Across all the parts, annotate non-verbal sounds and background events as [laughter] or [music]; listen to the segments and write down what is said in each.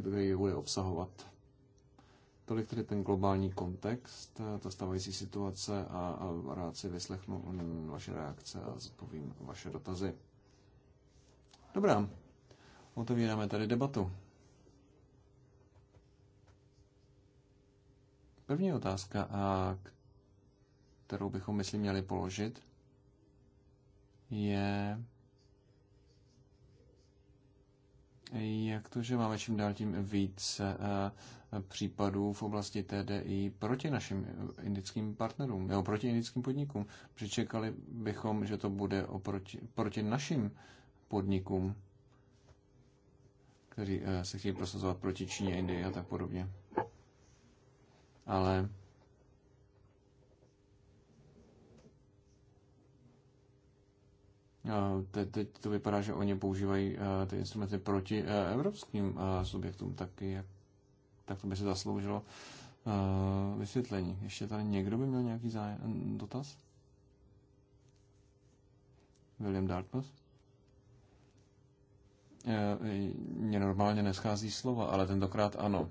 který bude obsahovat. Tolik tedy ten globální kontext, eh, ta stávající situace a, a rád si vyslechnu mm, vaše reakce a zodpovím vaše dotazy. Dobrá, otevíráme tady debatu. První otázka, a kterou bychom, myslím, měli položit, je, Jak to, že máme čím dál tím více eh, případů v oblasti TDI proti našim indickým partnerům, nebo proti indickým podnikům? Přičekali bychom, že to bude oproti, proti našim podnikům, kteří eh, se chtějí prosazovat proti Číně, Indii a tak podobně. Ale Te, teď to vypadá, že oni používají eh, ty instrumenty proti eh, evropským eh, subjektům, tak, jak, tak to by se zasloužilo vysvětlení. Ještě tady někdo by měl nějaký zájem, mm, dotaz? William Dartmouth? Mně normálně neschází slova, ale tentokrát ano.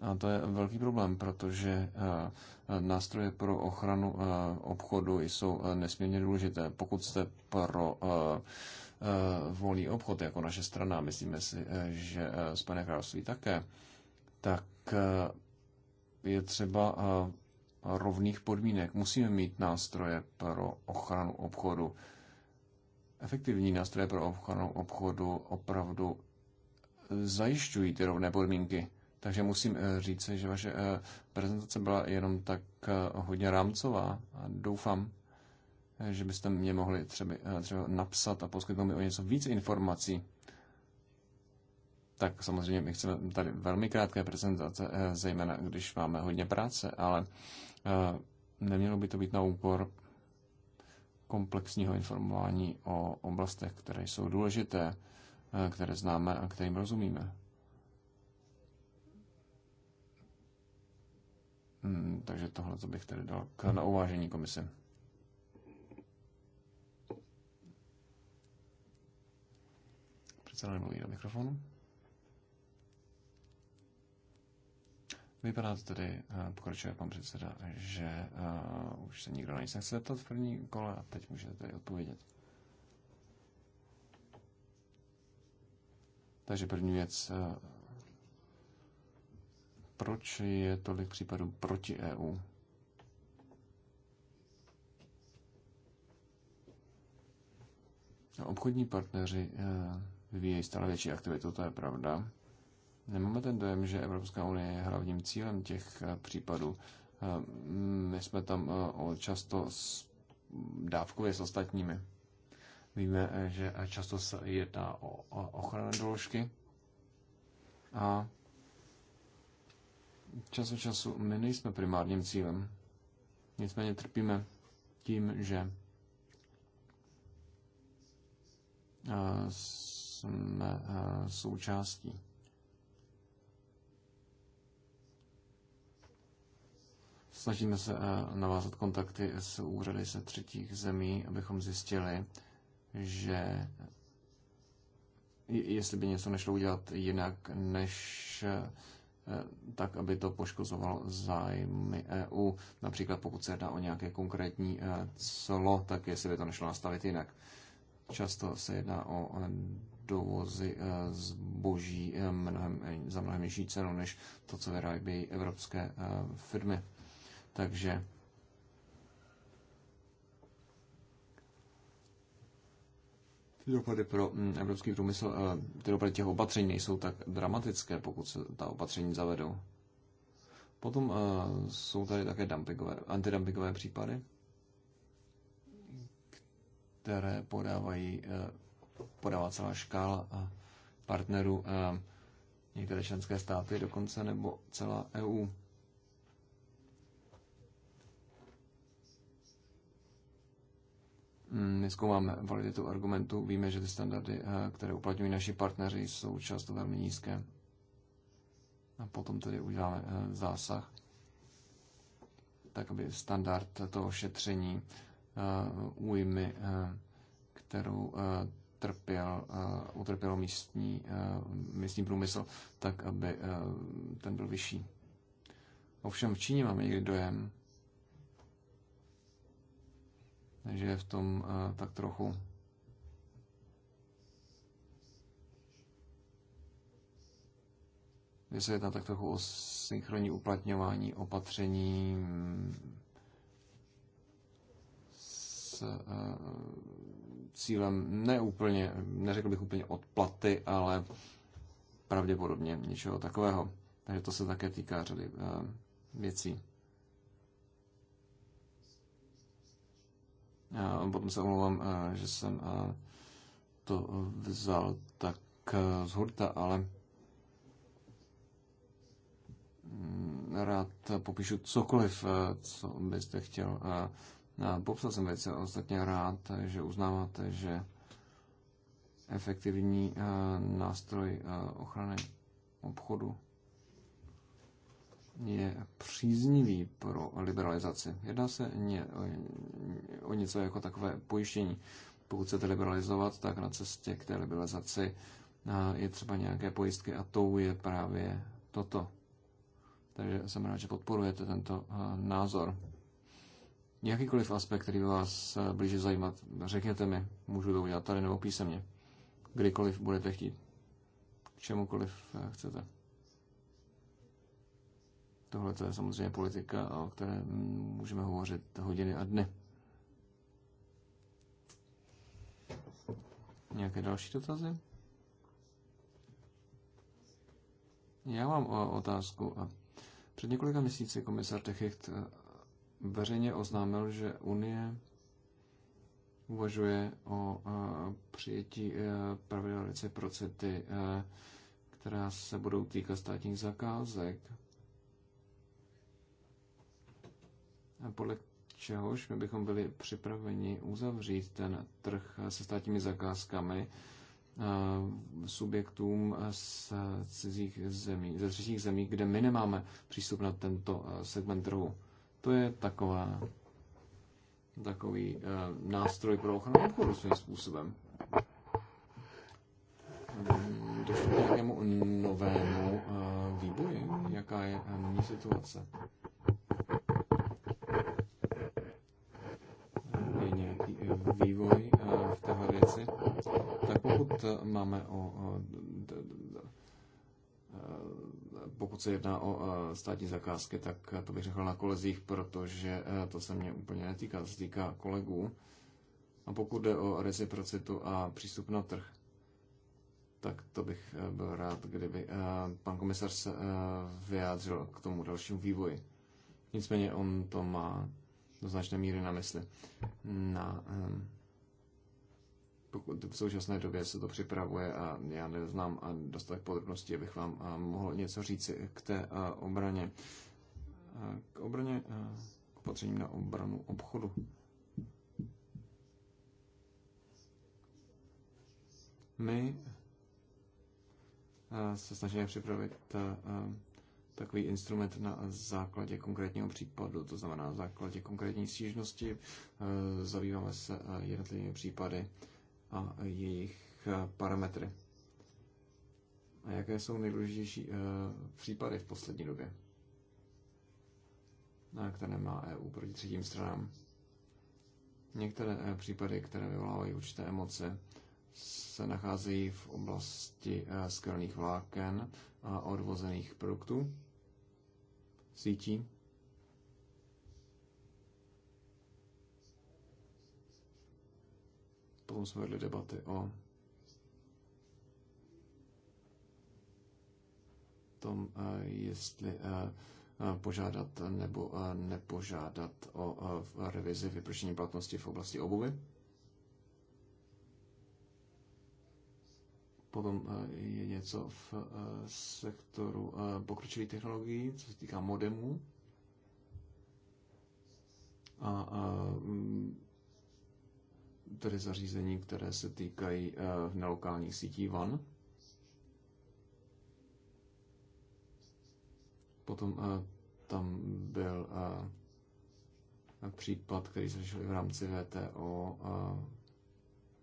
A to je velký problém, protože eh, nástroje pro ochranu eh, obchodu jsou eh, nesmírně důležité. Pokud jste pro volný obchod jako naše strana, myslíme si, že Spojené království také, tak je třeba rovných podmínek. Musíme mít nástroje pro ochranu obchodu. Efektivní nástroje pro ochranu obchodu opravdu zajišťují ty rovné podmínky. Takže musím eh, říct, že vaše eh, prezentace byla jenom tak eh, hodně rámcová a doufám, že byste mě mohli třeba, třeba napsat a poskytnout mi o něco víc informací. Tak samozřejmě my chceme tady velmi krátké prezentace, zejména když máme hodně práce, ale nemělo by to být na úkor komplexního informování o oblastech, které jsou důležité, které známe a kterým rozumíme. Hmm, takže tohle co bych tedy dal k, na uvážení komise. Předseda nemluví do mikrofonu. Vypadá to tedy, eh, pokračuje pan předseda, že uh, už se nikdo na nic nechce zeptat v první kole a teď můžete tedy odpovědět. Takže první věc, uh, proč je tolik případů proti EU. No, obchodní partneři eh, vyvíjejí stále větší aktivitu, to je pravda. Nemáme ten dojem, že Evropská unie je hlavním cílem těch eh, případů. Eh, my jsme tam často s dávkově s ostatními. Víme, že často se jedná o ochranné doložky a čas od času my nejsme primárním cílem. Nicméně trpíme tím, že eh, jsme eh, součástí. Snažíme se eh, navázat kontakty s úřady se třetích zemí, abychom zjistili, že jestli by něco nešlo udělat jinak, než Eh, tak, aby to poškozovalo zájmy EU. Například pokud se jedná o nějaké konkrétní clo, eh, tak jestli by to nešlo nastavit jinak. Často se jedná o eh, dovozy zboží mnohem, za mnohem nižší cenu, než to, co vyrábějí evropské firmy. Takže ty dopady pro mm, evropský průmysl, eh, ty dopady těch opatření nejsou tak dramatické, pokud se ta opatření zavedou. Potom eh, jsou tady také dumpingové, antidumpingové případy, které podávají, eh, podává celá škála partnerů, některé členské státy dokonce, nebo celá EU. Mm, neskoumáme validitu argumentu. Víme, že ty standardy, eh, které uplatňují naši partneři, jsou často velmi nízké. A potom tedy uděláme eh, zásah, tak aby standard toho šetření eh, újmy, kterou trpěl, utrpěl místní, místní průmysl, tak aby ten byl vyšší. Ovšem v Číně máme někdy dojem, že je v tom eh, tak trochu že se jedná tak trochu o synchronní uplatňování opatření s eh, cílem neúplně, neřekl bych úplně odplaty, ale pravděpodobně něčeho takového. Takže to se také týká řady eh, věcí. A potom se omlouvám, eh, že jsem eh, to vzal tak eh, z hurta, ale mm, rád popíšu cokoliv, co byste chtěl. Popsal jsem věci ostatně rád, že uznáváte, že efektivní nástroj ochrany obchodu je příznivý pro liberalizaci. Jedná se ně, o, o něco jako takové pojištění. Pokud chcete liberalizovat, tak na cestě k té liberalizaci je třeba nějaké pojistky a tou je právě toto. Takže jsem rád, že podporujete tento názor. Jakýkoliv aspekt, který by vás blíže zajímat, řekněte mi, můžu to udělat tady nebo písemně, kdykoliv budete chtít, k čemukoliv chcete. Tohle je samozřejmě politika, o které můžeme hovořit hodiny a dny. Nějaké další dotazy? Já mám otázku. Před několika měsíci komisar Techicht eh, veřejně oznámil, že Unie uvažuje o eh, přijetí eh, pravidel reciprocity, která se budou týkat státních zakázek. podle čehož my bychom byli připraveni uzavřít ten trh se státními zakázkami eh, subjektům z cizích zemí, ze třetích zemí, kde my nemáme přístup na tento eh, segment trhu. To je taková, takový eh, nástroj pro ochranu obchodu svým způsobem. Došlo k nějakému novému výboji? Jaká je nyní situace? vývoj eh, v téhle věci, tak pokud máme o eh, pokud se jedná o eh, státní zakázky, tak to bych řekl na kolezích, protože to se mě úplně netýká, to se týká kolegů. A pokud jde o reciprocitu a přístup na trh, tak to bych byl rád, kdyby pan komisař se vyjádřil k tomu dalšímu vývoji. Nicméně on to má do značné míry na mysli. Na, ehm, pokud v současné době se to připravuje a já neznám a dostatek podrobností, abych vám eh, mohl něco říct k té eh, obraně. Eh, k obraně, k opatřením na obranu obchodu. My se snažíme připravit takový instrument na základě konkrétního případu, to znamená na základě konkrétní stížnosti. Eh, zabýváme se eh, jednotlivými případy a jejich eh, parametry. A jaké jsou nejdůležitější případy v poslední době, na které má EU proti třetím stranám? Některé případy, které vyvolávají určité emoce, se nacházejí v oblasti skrlných vláken a odvozených produktů sítí. Potom jsme vedli debaty o tom, eh, jestli eh, eh, požádat nebo nepožádat o revizi vypršení platnosti v oblasti obuvy. Potom eh, je něco v eh, sektoru eh, pokročilých technologií, co se týká modemů. A, a mm, tedy zařízení, které se týkají nelokálních sítí VAN. Potom tam byl případ, který se řešil v rámci VTO,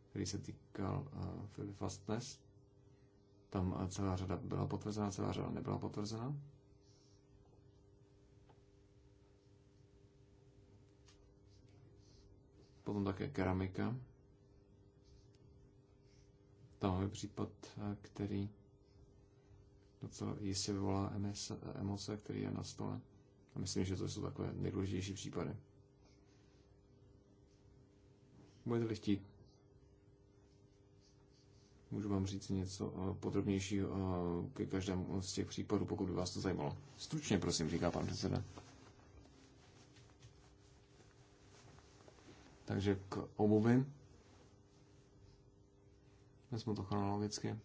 který se týkal Fastnest. Tam celá řada byla potvrzena, celá řada nebyla potvrzena. Potom také keramika. Tam je případ, který docela jistě vyvolá emoce, který je na stole. A myslím, že to jsou takové nejdůležitější případy. Budete-li chtít, Můžu vám říct něco eh, podrobnějšího eh, ke každému z těch případů, pokud by vás to zajímalo. Stručně, prosím, říká pan předseda. Takže k obuvi. Vezmu to chronologicky.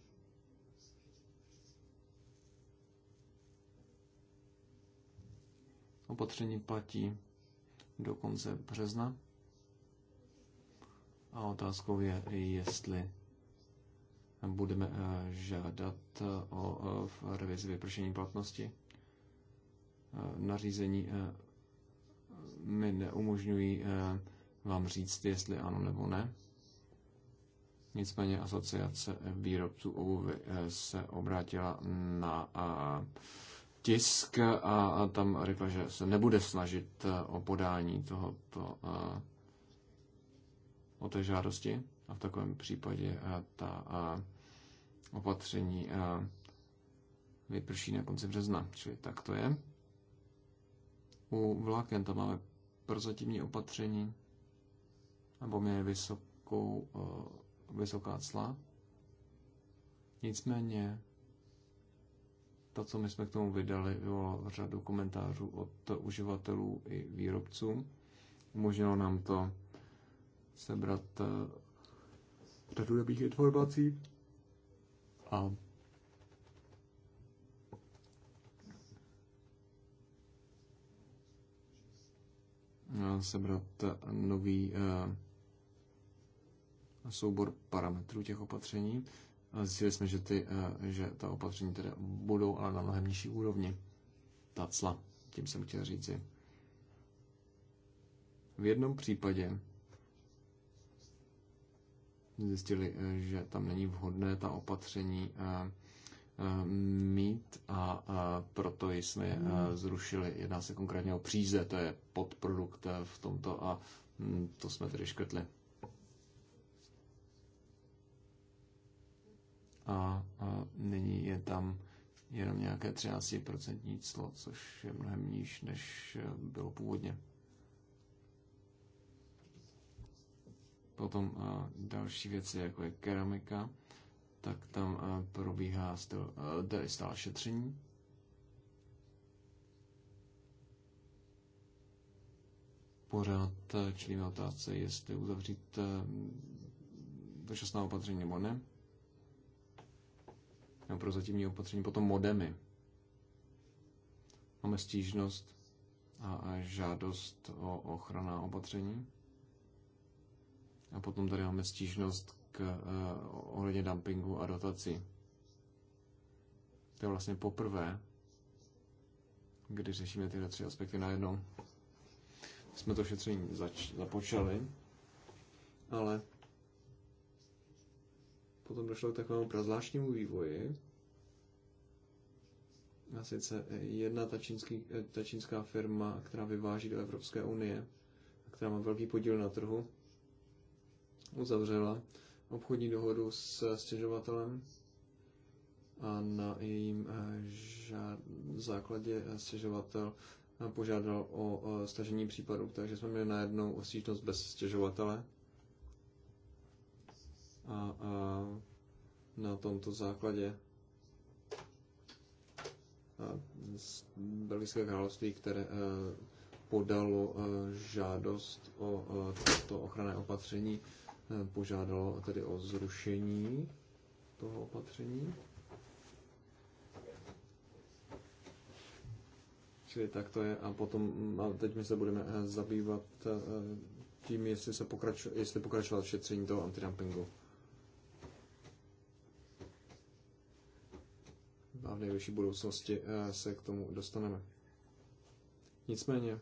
Opatření platí do konce března. A otázkou je, jestli budeme eh, žádat eh, o eh, revizi vypršení platnosti. Nařízení mi neumožňují vám říct, jestli ano nebo ne. Nicméně asociace výrobců obuvy se obrátila na tisk a tam řekla, že se nebude snažit o podání tohoto o té žádosti a v takovém případě ta opatření vyprší na konci března, čili tak to je. U vláken tam máme prozatímní opatření a poměrně vysokou, vysoká cla. Nicméně to, co my jsme k tomu vydali, vyvolalo řadu komentářů od uživatelů i výrobců. Umožnilo nám to sebrat řadu dobrých informací a sebrat nový eh, soubor parametrů těch opatření. Eh, zjistili jsme, že, ty, eh, že ta opatření tedy budou, ale na mnohem nižší úrovni. Ta cla, tím jsem chtěl říci. V jednom případě zjistili, eh, že tam není vhodné ta opatření eh, eh, mít a proto jsme je hmm. zrušili. Jedná se konkrétně o příze, to je podprodukt v tomto a hm, to jsme tedy škrtli. A, a nyní je tam jenom nějaké 13% clo, což je mnohem níž, než bylo původně. Potom další věci, jako je keramika, tak tam probíhá styl, stále šetření. Pořád e, čili otázce, jestli uzavřít e, dočasná opatření nebo ne. Nebo zatímní opatření, potom modemy. Máme stížnost a žádost o ochranná opatření. A potom tady máme stížnost k eh, ohledně dumpingu a dotací. To je vlastně poprvé, kdy řešíme tyhle tři aspekty najednou. Jsme to šetření zač- započali, ale potom došlo k takovému prazvláštnímu vývoji. A sice jedna ta, čínský, eh, ta čínská firma, která vyváží do Evropské unie, která má velký podíl na trhu, uzavřela obchodní dohodu s stěžovatelem a na jejím eh, žád... základě eh, stěžovatel eh, požádal o stažení případu, takže jsme měli najednou stížnost bez stěžovatele. A, a na tomto základě Belgické království, které podalo žádost o toto ochranné opatření, Eh, požádalo tedy o zrušení toho opatření. Čili tak to je. A potom, a teď my se budeme eh, zabývat eh, tím, jestli, se pokračuje, jestli pokračovat šetření toho antidumpingu. A v nejvyšší budoucnosti se k tomu dostaneme. Nicméně,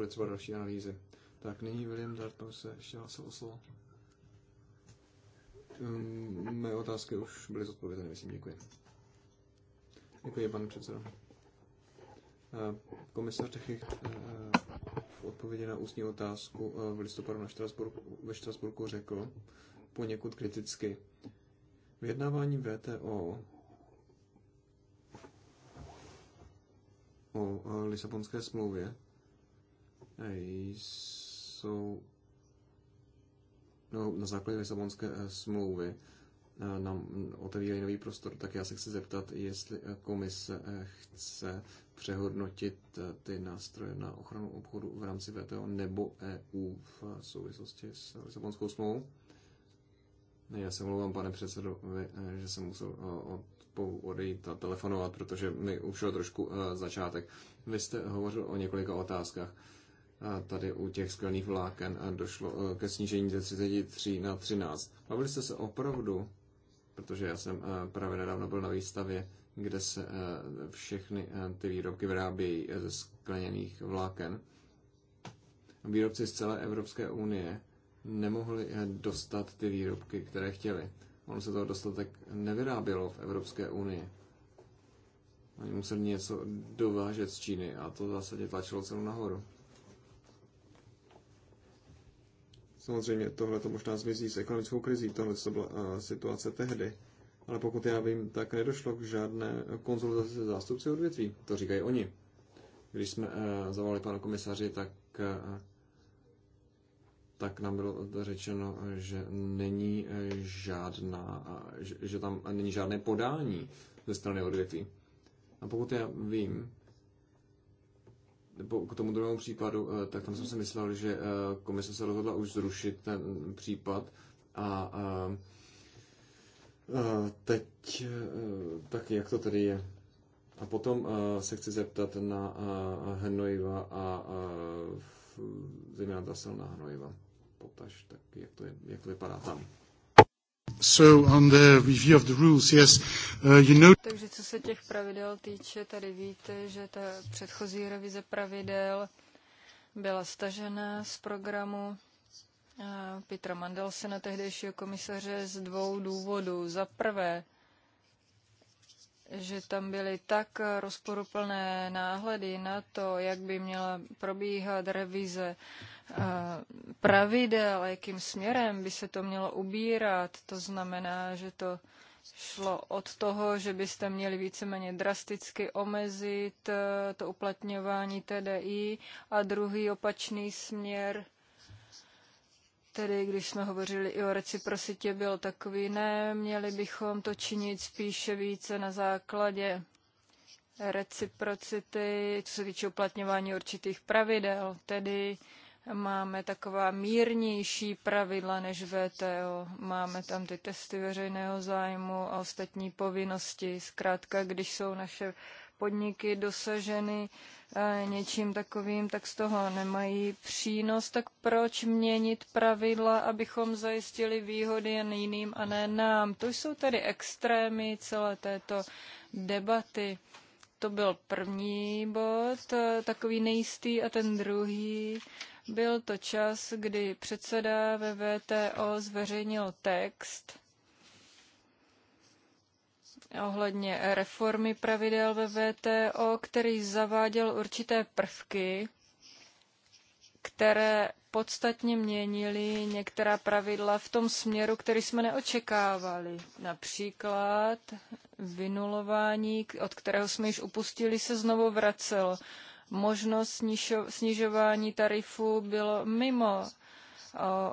bude třeba další analýzy. Tak nyní William Dartmouth se ještě hlasil o slovo. Mé mm, otázky už byly zodpovězeny, myslím, děkuji. Děkuji, pane předsedo. Eh, komisař Technik eh, v odpovědi na ústní otázku eh, v listopadu na Štrasburku, ve Štrasburku řekl poněkud kriticky. Vyjednávání VTO o Lisabonské smlouvě jsou no, na základě Lisabonské eh, smlouvy eh, nám otevírají nový prostor, tak já se chci zeptat, jestli eh, komise chce přehodnotit ty nástroje na ochranu obchodu v rámci VTO nebo EU v souvislosti s Lisabonskou smlouvou. Já se omlouvám, pane předsedo, že jsem musel odejít a telefonovat, protože mi ušel trošku začátek. Vy jste hovořil o několika otázkách tady u těch skvělých vláken došlo e, ke snížení ze 33 na 13. Bavili jste se opravdu, protože já jsem e, právě nedávno byl na výstavě, kde se e, všechny ty výrobky vyrábějí ze skleněných vláken. Výrobci z celé Evropské unie nemohli dostat ty výrobky, které chtěli. Ono se toho dostatek nevyrábělo v Evropské unii. Oni museli něco dovážet z Číny a to zásadně zásadě tlačilo cenu nahoru. Samozřejmě tohle to možná zmizí s ekonomickou krizí, tohle to byla eh, situace tehdy. Ale pokud já vím, tak nedošlo k žádné konzultaci se zástupci odvětví. To říkají oni. Když jsme eh, zavolali pana komisaři, tak, eh, tak nám bylo řečeno, že není žádná, že, že tam není žádné podání ze strany odvětví. A pokud já vím, k tomu druhému případu, eh, tak tam jsem si myslel, že eh, komise se rozhodla už zrušit ten případ a teď, eh, tak jak to tedy je? A potom se chci zeptat na hnojiva a zejména ta silná hnojiva. Potaž, tak jak to, je, jak to vypadá tam? Takže co se těch pravidel týče, tady víte, že ta předchozí revize pravidel byla stažena z programu Petra Mandelse na tehdejšího komisaře z dvou důvodů. Za prvé, že tam byly tak rozporuplné náhledy na to, jak by měla probíhat revize pravidel, jakým směrem by se to mělo ubírat. To znamená, že to šlo od toho, že byste měli víceméně drasticky omezit e, to uplatňování TDI a druhý opačný směr, tedy když jsme hovořili i o reciprocitě, byl takový, ne, měli bychom to činit spíše více na základě reciprocity, co se týče uplatňování určitých pravidel, tedy Máme taková mírnější pravidla než VTO. Máme tam ty testy veřejného zájmu a ostatní povinnosti. Zkrátka, když jsou naše podniky dosaženy eh, něčím takovým, tak z toho nemají přínos, tak proč měnit pravidla, abychom zajistili výhody jen jiným a ne nám? To jsou tedy extrémy celé této debaty. To byl první bod, eh, takový nejistý, a ten druhý byl to čas, kdy předseda VVTO zveřejnil text ohledně reformy pravidel VVTO, který zaváděl určité prvky, které podstatně měnily některá pravidla v tom směru, který jsme neočekávali. Například vynulování, od kterého jsme již upustili, se znovu vracelo možnost snižování tarifů bylo mimo.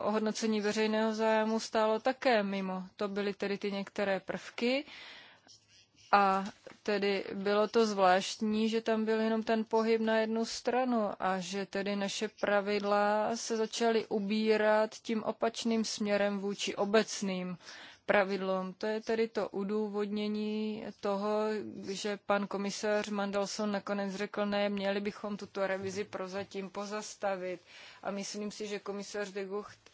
Ohodnocení veřejného zájmu stálo také mimo. To byly tedy ty některé prvky. A tedy bylo to zvláštní, že tam byl jenom ten pohyb na jednu stranu a že tedy naše pravidla se začaly ubírat tím opačným směrem vůči obecným pravidlům. To je tedy to udůvodnění toho, že pan komisař Mandelson nakonec řekl, ne, měli bychom tuto revizi prozatím pozastavit. A myslím si, že komisař de Gucht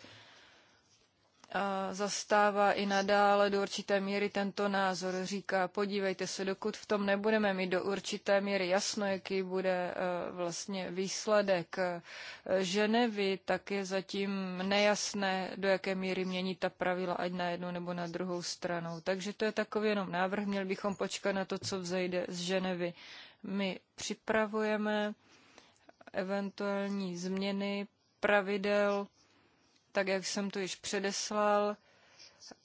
zastává i nadále do určité míry tento názor. Říká, podívejte se, dokud v tom nebudeme mít do určité míry jasno, jaký bude e, vlastně výsledek e, Ženevy, tak je zatím nejasné, do jaké míry mění ta pravidla, ať na jednu nebo na druhou stranu. Takže to je takový jenom návrh, měli bychom počkat na to, co vzejde z Ženevy. My připravujeme eventuální změny pravidel, tak jak jsem to již předeslal,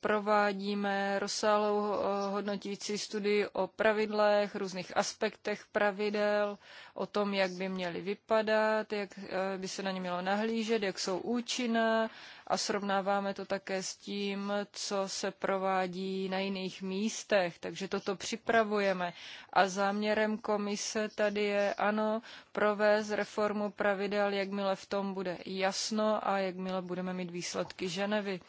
provádíme rozsáhlou eh, hodnotící studii o pravidlech, různých aspektech pravidel, o tom, jak by měly vypadat, jak eh, by se na ně mělo nahlížet, jak jsou účinné, a srovnáváme to také s tím, co se provádí na jiných místech, takže toto připravujeme. A záměrem komise tady je, ano, provést reformu pravidel, jakmile v tom bude jasno a jakmile budeme mít výsledky Ženevy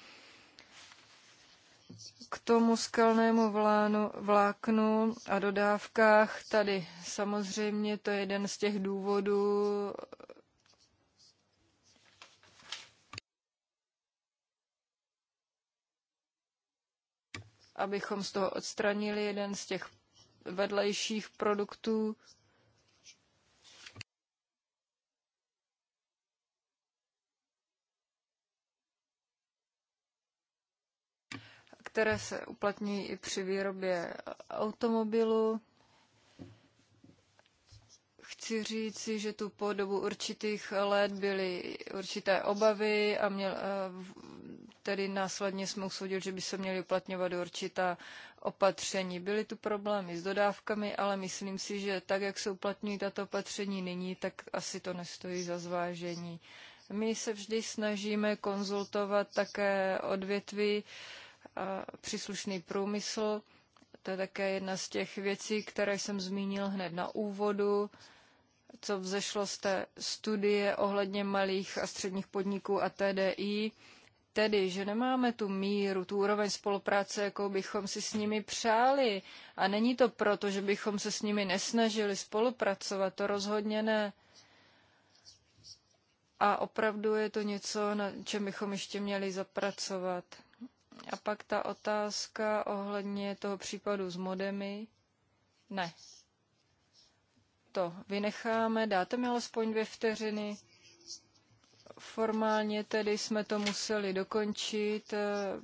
k tomu skalnému vlánu, vláknu a dodávkách tady samozřejmě to je jeden z těch důvodů, abychom z toho odstranili jeden z těch vedlejších produktů, které se uplatňují i při výrobě automobilu. Chci říci, že tu po dobu určitých let byly určité obavy a měl, eh, tedy následně jsme usoudili, že by se měly uplatňovat určitá opatření. Byly tu problémy s dodávkami, ale myslím si, že tak, jak se uplatňují tato opatření nyní, tak asi to nestojí za zvážení. My se vždy snažíme konzultovat také odvětví a příslušný průmysl. To je také jedna z těch věcí, které jsem zmínil hned na úvodu co vzešlo z té studie ohledně malých a středních podniků a TDI tedy, že nemáme tu míru, tu úroveň spolupráce, jakou bychom si s nimi přáli. A není to proto, že bychom se s nimi nesnažili spolupracovat, to rozhodně ne. A opravdu je to něco, na čem bychom ještě měli zapracovat. A pak ta otázka ohledně toho případu s modemy. Ne. To vynecháme. Dáte mi alespoň dvě vteřiny. Formálně tedy jsme to museli dokončit, eh,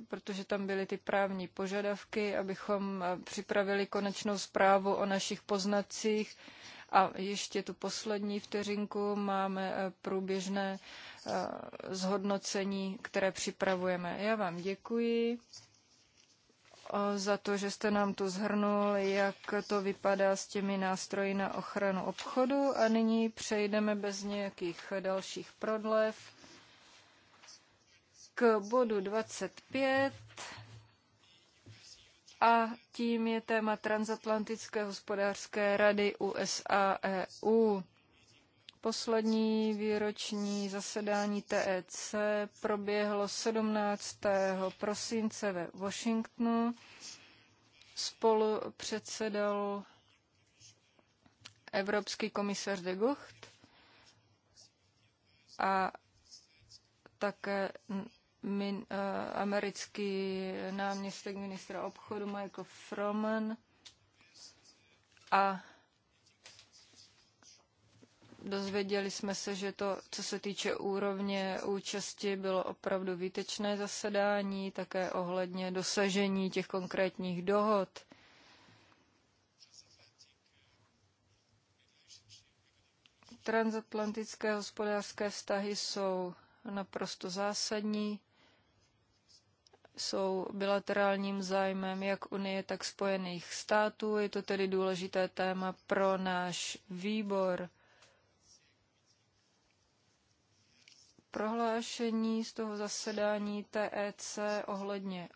protože tam byly ty právní požadavky, abychom eh, připravili konečnou zprávu o našich poznacích. A ještě tu poslední vteřinku máme eh, průběžné zhodnocení, které připravujeme. Já vám děkuji za to, že jste nám tu zhrnul, jak to vypadá s těmi nástroji na ochranu obchodu a nyní přejdeme bez nějakých dalších prodlev k bodu 25 a tím je téma Transatlantické hospodářské rady USA-EU. Poslední výroční zasedání TEC proběhlo 17. prosince ve Washingtonu. Spolu předsedal Evropský komisař de Gucht a také min, eh, americký náměstek ministra obchodu Michael Froman a Dozvěděli jsme se, že to, co se týče úrovně účasti, bylo opravdu výtečné zasedání, také ohledně dosažení těch konkrétních dohod. Transatlantické hospodářské vztahy jsou naprosto zásadní jsou bilaterálním zájmem jak Unie, tak Spojených států. Je to tedy důležité téma pro náš výbor. prohlášení z toho zasedání TEC ohledně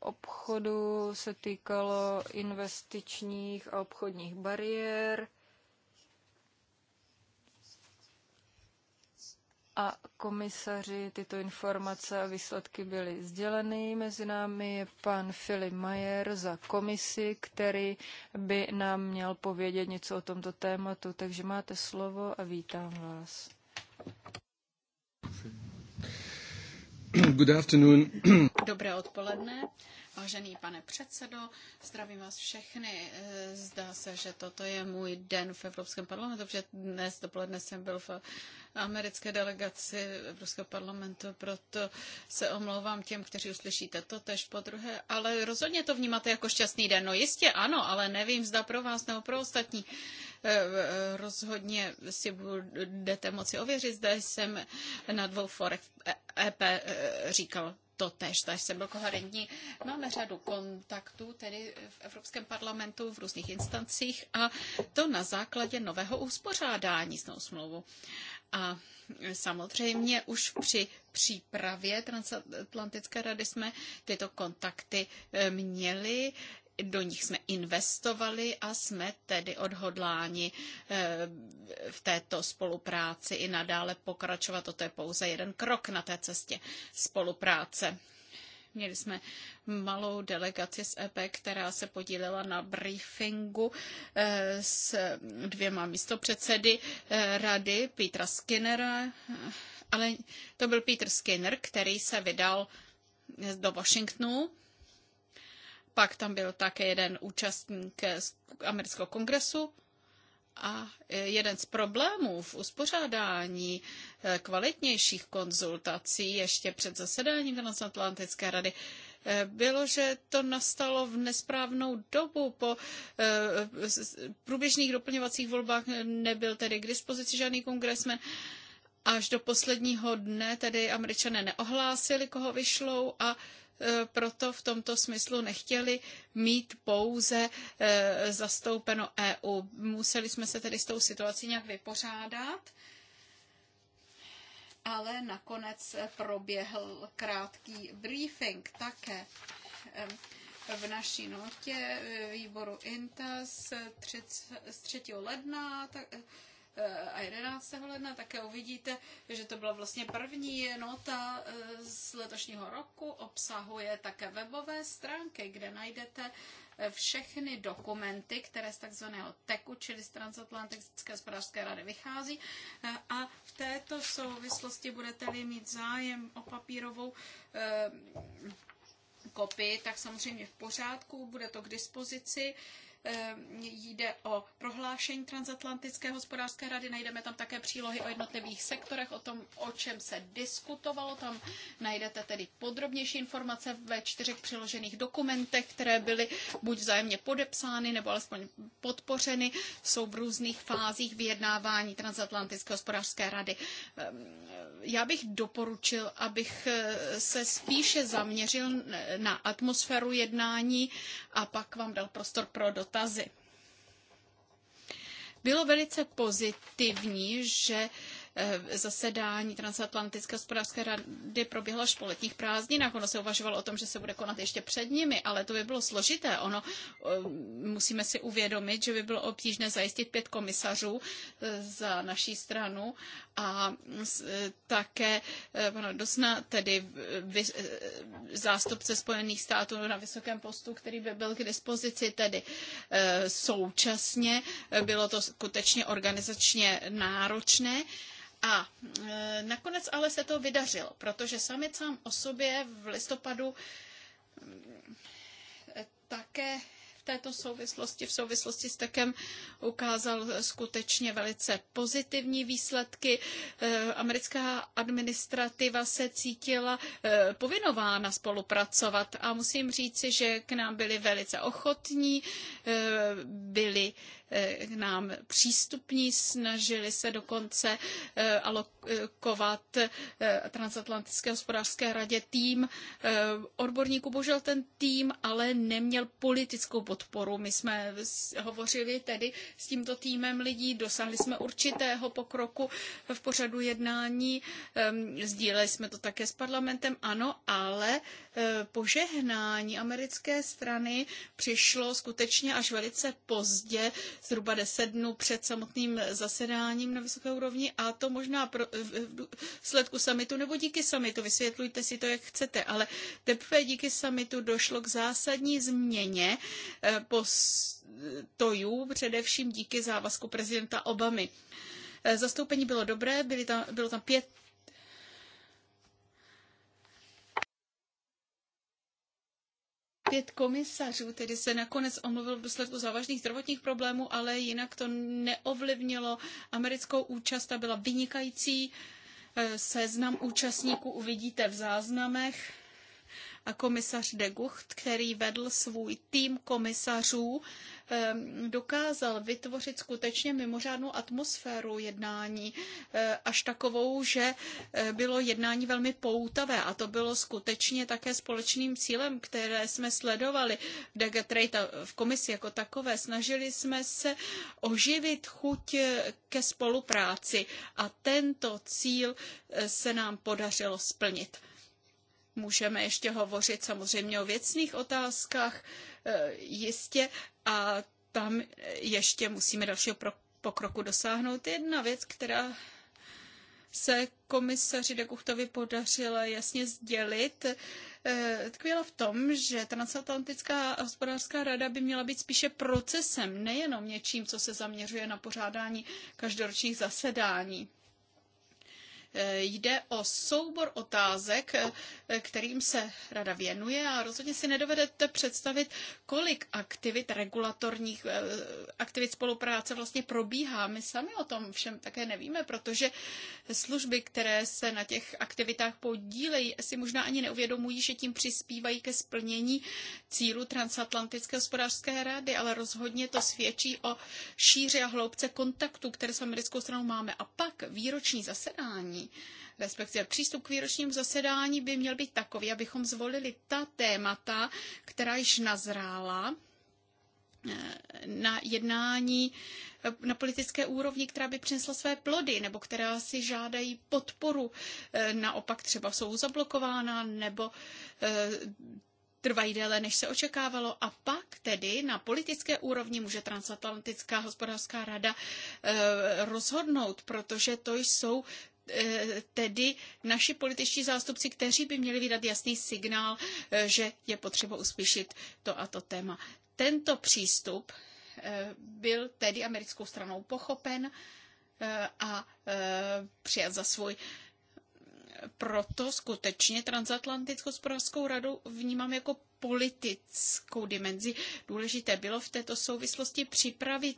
obchodu se týkalo investičních a obchodních bariér. A komisaři tyto informace a výsledky byly sděleny. Mezi námi je pan Filip Majer za komisi, který by nám měl povědět něco o tomto tématu. Takže máte slovo a vítám vás. [clears throat] Good afternoon. [clears throat] Dobré odpoledne, vážený pane předsedo, zdravím vás všechny. Zdá se, že toto je můj den v Evropském parlamentu, protože dnes dopoledne jsem byl v americké delegaci Evropského parlamentu, proto se omlouvám těm, kteří uslyšíte to tež po druhé, ale rozhodně to vnímáte jako šťastný den. No jistě ano, ale nevím, zda pro vás nebo pro ostatní. Eh, eh, rozhodně si budete moci ověřit. Zde jsem na dvou forech EP e eh, říkal to tež, takže jsem byl koherentní. Máme řadu kontaktů tedy v Evropském parlamentu, v různých instancích a to na základě nového uspořádání s tou smlouvu. A samozřejmě už při přípravě Transatlantické rady jsme tyto kontakty měli do nich jsme investovali a jsme tedy odhodláni eh, v této spolupráci i nadále pokračovat. Toto je pouze jeden krok na té cestě spolupráce. Měli jsme malou delegaci z EP, která se podílela na briefingu eh, s dvěma místopředsedy eh, rady, Petra Skinnera, ale to byl Peter Skinner, který se vydal do Washingtonu pak tam byl také jeden účastník z amerického kongresu a jeden z problémů v uspořádání eh, kvalitnějších konzultací ještě před zasedáním Transatlantické rady eh, bylo, že to nastalo v nesprávnou dobu. Po eh, průběžných doplňovacích volbách nebyl tedy k dispozici žádný kongresmen. Až do posledního dne tedy američané neohlásili, koho vyšlou a Eh, proto v tomto smyslu nechtěli mít pouze eh, zastoupeno EU. Museli jsme se tedy s tou situací nějak vypořádat ale nakonec eh, proběhl krátký briefing také v naší notě výboru INTA z 3. ledna, tak, Eh, a 11. ledna také uvidíte, že to byla vlastně první nota eh, z letošního roku. Obsahuje také webové stránky, kde najdete eh, všechny dokumenty, které z takzvaného TECu, čili z Transatlantické hospodářské rady, vychází. A v této souvislosti budete-li mít zájem o papírovou kopii, tak samozřejmě v pořádku, bude to k dispozici Ehm, jde o prohlášení Transatlantické hospodářské rady, najdeme tam také přílohy o jednotlivých sektorech, o tom, o čem se diskutovalo, tam najdete tedy podrobnější informace ve čtyřech přiložených dokumentech, které byly buď vzájemně podepsány nebo alespoň podpořeny, jsou v různých fázích vyjednávání Transatlantické hospodářské rady. Ehm, já bych doporučil, abych eh, se spíše zaměřil na atmosféru jednání a pak vám dal prostor pro dotaz dotazy. Bylo velice pozitivní, že Eh, zasedání Transatlantické hospodářské rady proběhlo až po letních prázdninách. Ono se uvažovalo o tom, že se bude konat ještě před nimi, ale to by bylo složité. Ono eh, musíme si uvědomit, že by bylo obtížné zajistit pět komisařů eh, za naší stranu a také ono Dosna, tedy zástupce Spojených států na vysokém postu, který by byl k dispozici, tedy současně. Bylo to skutečně organizačně náročné a e, nakonec ale se to vydařilo, protože samec sám o sobě v listopadu e, také v této souvislosti, v souvislosti s tekem, ukázal skutečně velice pozitivní výsledky. E, americká administrativa se cítila povinována spolupracovat a musím říci, že k nám byli velice ochotní, byli Eh, k nám přístupní, snažili se dokonce eh, alokovat eh, Transatlantické hospodářské radě tým odborníků. Bohužel ten tým ale neměl politickou podporu. My jsme hovořili tedy s tímto týmem lidí, dosáhli jsme určitého pokroku v pořadu jednání, ehm, sdíleli jsme to také s parlamentem, ano, ale požehnání americké strany přišlo skutečně až velice pozdě zhruba 10 dnů před samotným zasedáním na vysoké úrovni a to možná pro, v sledku samitu nebo díky samitu. Vysvětlujte si to, jak chcete, ale teprve díky samitu došlo k zásadní změně eh, postojů, především díky závazku prezidenta Obamy. Eh, zastoupení bylo dobré, byly tam, bylo tam pět Pět komisařů tedy se nakonec omluvil v důsledku závažných zdravotních problémů, ale jinak to neovlivnilo americkou účast a byla vynikající. Eh, seznam účastníků uvidíte v záznamech a komisař de Gucht, který vedl svůj tým komisařů, ehm, dokázal vytvořit skutečně mimořádnou atmosféru jednání, eh, až takovou, že eh, bylo jednání velmi poutavé a to bylo skutečně také společným cílem, které jsme sledovali v v komisi jako takové. Snažili jsme se oživit chuť eh, ke spolupráci a tento cíl se nám podařilo splnit. Můžeme ještě hovořit samozřejmě o věcných otázkách, e, jistě, a tam ještě musíme dalšího pokroku dosáhnout. Jedna věc, která se komisaři de Guchtovi podařila jasně sdělit, e, tkvěla v tom, že transatlantická hospodářská rada by měla být spíše procesem, nejenom něčím, co se zaměřuje na pořádání každoročních zasedání. Jde o soubor otázek, eh, kterým se rada věnuje a rozhodně si nedovedete představit, kolik aktivit regulatorních, eh, aktivit spolupráce vlastně probíhá. My sami o tom všem také nevíme, protože služby, které se na těch aktivitách podílejí, si možná ani neuvědomují, že tím přispívají ke splnění cílu Transatlantické hospodářské rady, ale rozhodně to svědčí o šíři a hloubce kontaktu, které s americkou stranou máme. A pak výroční zasedání Respektive přístup k výročním zasedání by měl být takový, abychom zvolili ta témata, která již nazrála eh, na jednání eh, na politické úrovni, která by přinesla své plody, nebo která si žádají podporu, eh, naopak třeba jsou zablokována, nebo trvají déle, než se očekávalo. A pak tedy na politické úrovni může Transatlantická hospodářská rada rozhodnout, protože to jsou Eh, tedy naši političtí zástupci, kteří by měli vydat jasný signál, eh, že je potřeba uspěšit to a to téma. Tento přístup eh, byl tedy americkou stranou pochopen a přijat za svůj. Proto skutečně Transatlantickou hospodářskou radu vnímám jako politickou dimenzi. Důležité bylo v této souvislosti připravit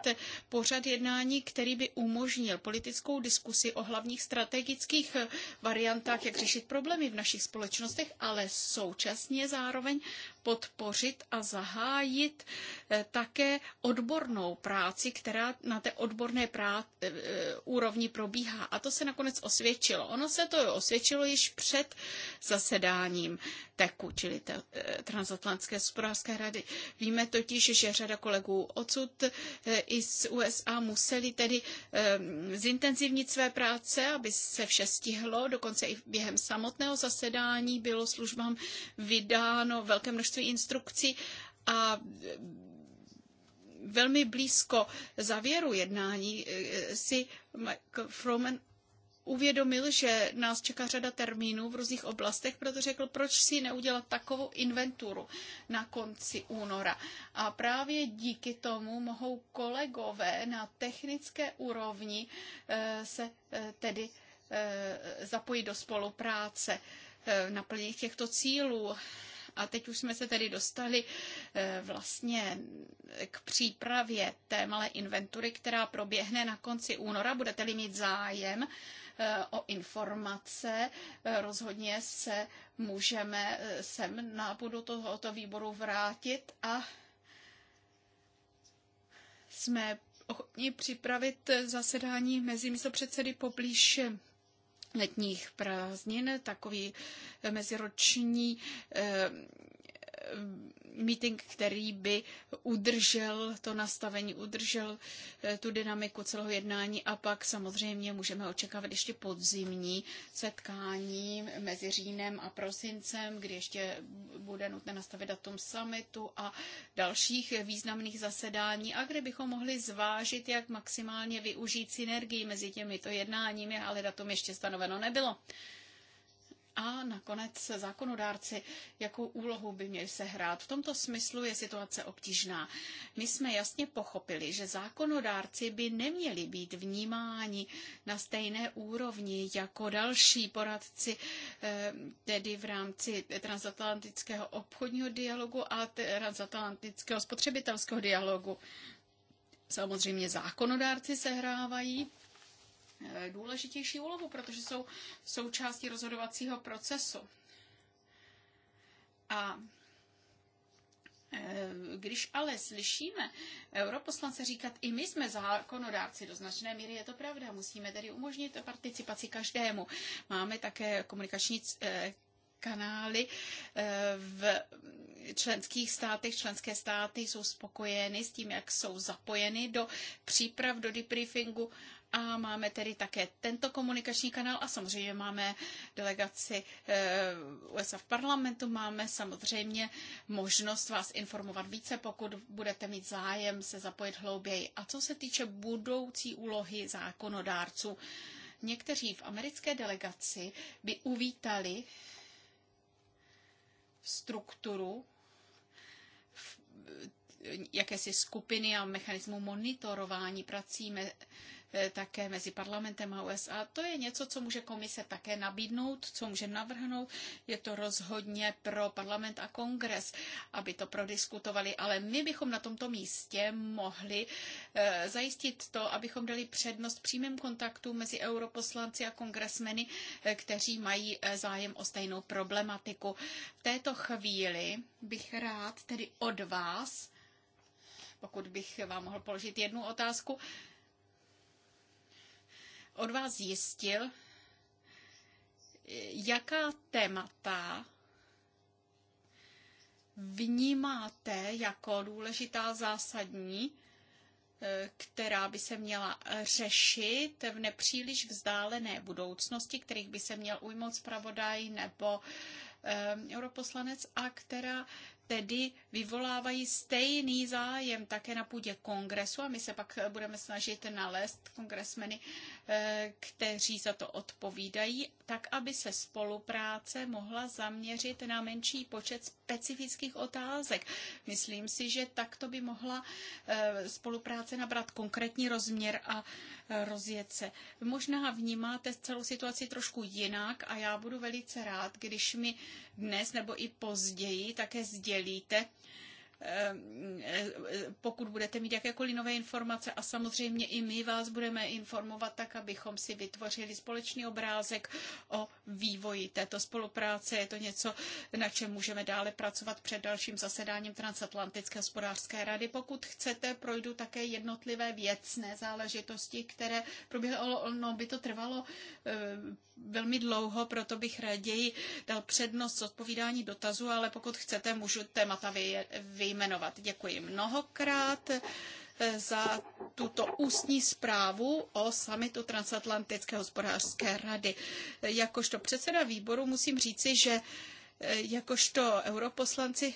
pořad jednání, který by umožnil politickou diskusi o hlavních strategických variantách, jak řešit problémy v našich společnostech, ale současně zároveň podpořit a zahájit eh, také odbornou práci, která na té odborné prá- eh, eh, úrovni probíhá. A to se nakonec osvědčilo. Ono se to osvědčilo již před zasedáním TEKu, čili te- transatlantského Transatlantské hospodářské rady. Víme totiž, že řada kolegů odsud eh, i z USA museli tedy eh, zintenzivnit své práce, aby se vše stihlo. Dokonce i během samotného zasedání bylo službám vydáno velké množství instrukcí a eh, velmi blízko závěru jednání si Michael Froman uvědomil, že nás čeká řada termínů v různých oblastech, proto řekl, proč si neudělat takovou inventuru na konci února. A právě díky tomu mohou kolegové na technické úrovni eh, se eh, tedy eh, zapojit do spolupráce naplnění těchto cílů. A teď už jsme se tedy dostali eh, vlastně k přípravě té malé inventury, která proběhne na konci února. Budete-li mít zájem eh, o informace, eh, rozhodně se můžeme sem na budu tohoto výboru vrátit a jsme ochotni připravit zasedání mezi předsedy poblíž letních prázdnin takový meziroční eh, meeting, který by udržel to nastavení, udržel eh, tu dynamiku celého jednání a pak samozřejmě můžeme očekávat ještě podzimní setkání mezi říjnem a prosincem, kdy ještě bude nutné nastavit datum summitu a dalších významných zasedání a kde bychom mohli zvážit, jak maximálně využít synergii mezi těmito jednáními, ale datum ještě stanoveno nebylo a nakonec zákonodárci, jakou úlohu by měli sehrát. V tomto smyslu je situace obtížná. My jsme jasně pochopili, že zákonodárci by neměli být vnímáni na stejné úrovni jako další poradci, eh, tedy v rámci transatlantického obchodního dialogu a transatlantického spotřebitelského dialogu. Samozřejmě zákonodárci sehrávají Eh, důležitější úlohu, protože jsou součástí rozhodovacího procesu. A eh, když ale slyšíme europoslance říkat, i my jsme zákonodárci, do značné míry je to pravda, musíme tedy umožnit participaci každému. Máme také komunikační eh, kanály v členských státech. Členské státy jsou spokojeny s tím, jak jsou zapojeny do příprav, do debriefingu a máme tedy také tento komunikační kanál a samozřejmě máme delegaci eh, USA v parlamentu, máme samozřejmě možnost vás informovat více, pokud budete mít zájem se zapojit hlouběji. A co se týče budoucí úlohy zákonodárců, někteří v americké delegaci by uvítali strukturu jakési skupiny a mechanismu monitorování prací Eh, také mezi parlamentem a USA. To je něco, co může komise také nabídnout, co může navrhnout. Je to rozhodně pro parlament a kongres, aby to prodiskutovali, ale my bychom na tomto místě mohli eh, zajistit to, abychom dali přednost přímým kontaktům mezi europoslanci a kongresmeny, eh, kteří mají zájem o stejnou problematiku. V této chvíli bych rád tedy od vás, pokud bych vám mohl položit jednu otázku, od vás zjistil, jaká témata vnímáte jako důležitá zásadní, eh, která by se měla řešit v nepříliš vzdálené budoucnosti, kterých by se měl ujmout zpravodaj nebo eh, europoslanec a která tedy vyvolávají stejný zájem také na půdě kongresu a my se pak eh, budeme snažit nalézt kongresmeny Eh, kteří za to odpovídají, tak aby se spolupráce mohla zaměřit na menší počet specifických otázek. Myslím si, že takto by mohla eh, spolupráce nabrat konkrétní rozměr a eh, rozjet se. Možná vnímáte celou situaci trošku jinak a já budu velice rád, když mi dnes nebo i později také sdělíte, Ehm, e, pokud budete mít jakékoliv nové informace a samozřejmě i my vás budeme informovat tak, abychom si vytvořili společný obrázek o vývoji této spolupráce. Je to něco, na čem můžeme dále pracovat před dalším zasedáním Transatlantické hospodářské rady. Pokud chcete, projdu také jednotlivé věcné záležitosti, které proběhlo, no by to trvalo ehm, velmi dlouho, proto bych raději dal přednost odpovídání dotazu, ale pokud chcete, můžu témata vy, vy jmenovat. Děkuji mnohokrát eh, za tuto ústní zprávu o samitu Transatlantické hospodářské rady. Jakožto předseda výboru musím říci, že eh, jakožto europoslanci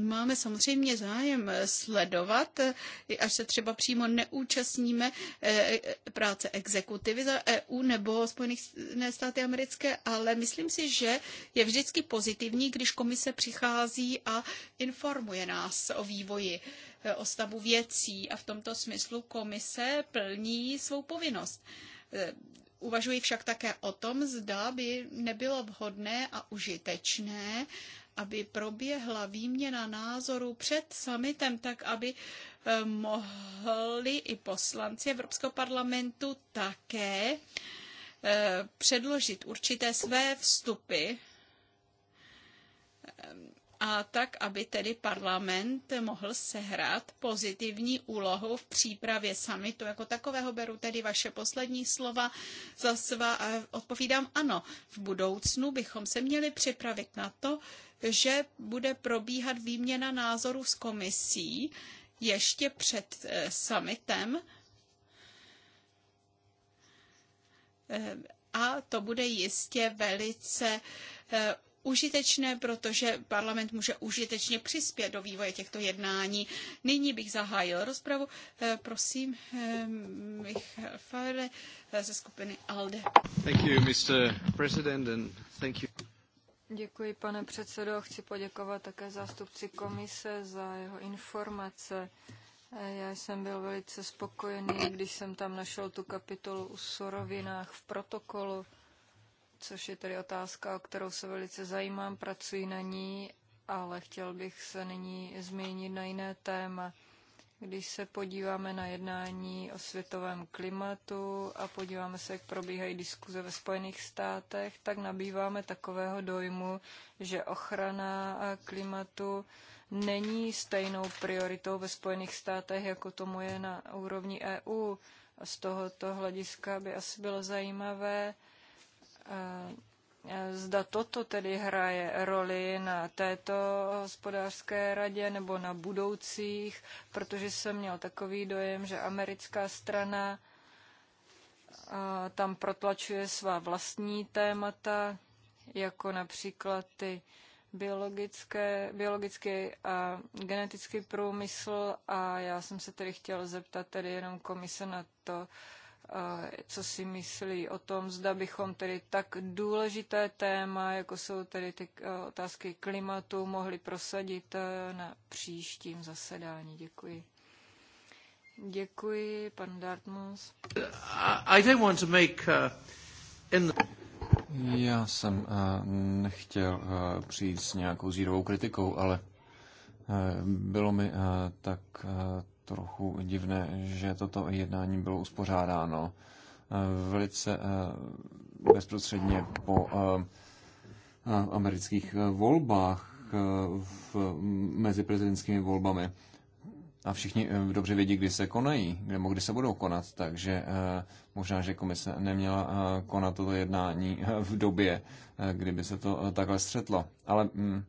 máme samozřejmě zájem eh, sledovat, eh, až se třeba přímo neúčastníme eh, práce exekutivy za EU nebo spojených státy americké, ale myslím si, že je vždycky pozitivní, když komise přichází a informuje nás o vývoji o stavu věcí a v tomto smyslu komise plní svou povinnost. Uvažuji však také o tom, zda by nebylo vhodné a užitečné aby proběhla výměna názorů před summitem, tak aby eh, mohli i poslanci Evropského parlamentu také eh, předložit určité své vstupy a tak, aby tedy parlament mohl sehrát pozitivní úlohu v přípravě samitu jako takového. Beru tedy vaše poslední slova za svá a odpovídám ano. V budoucnu bychom se měli připravit na to, že bude probíhat výměna názorů s komisí ještě před e, summitem. E, a to bude jistě velice eh, užitečné, protože parlament může užitečně přispět do vývoje těchto jednání. Nyní bych zahájil rozpravu. Eh, prosím, eh, Michal Fare eh, ze skupiny ALDE. Thank you, Mr. President, and thank you. Děkuji, pane předsedo. Chci poděkovat také zástupci komise za jeho informace. Já jsem byl velice spokojený, když jsem tam našel tu kapitolu o surovinách v protokolu což je tedy otázka, o kterou se velice zajímám, pracuji na ní, ale chtěl bych se nyní změnit na jiné téma. Když se podíváme na jednání o světovém klimatu a podíváme se, jak probíhají diskuze ve Spojených státech, tak nabýváme takového dojmu, že ochrana klimatu není stejnou prioritou ve Spojených státech, jako tomu je na úrovni EU. A z tohoto hlediska by asi bylo zajímavé Eh, eh, zda toto tedy hraje roli na této hospodářské radě nebo na budoucích, protože jsem měl takový dojem, že americká strana eh, tam protlačuje svá vlastní témata, jako například ty biologické, biologický a genetický průmysl a já jsem se tedy chtěl zeptat tedy jenom komise na to, co si myslí o tom, zda bychom tedy tak důležité téma, jako jsou tedy ty eh, otázky klimatu, mohli prosadit eh, na příštím zasedání. Děkuji. Děkuji, pan Dartmus. Uh, I don't want to make, uh, in the... Já jsem uh, nechtěl uh, přijít s nějakou zírovou kritikou, ale uh, bylo mi uh, tak trochu divné, že toto jednání bylo uspořádáno eh, velice eh, bezprostředně po eh, amerických volbách v, mezi prezidentskými volbami. A všichni dobře vědí, kdy se konají, nebo kdy se budou konat, takže možná, že komise neměla konat toto jednání v době, kdyby se to takhle střetlo. Ale mm,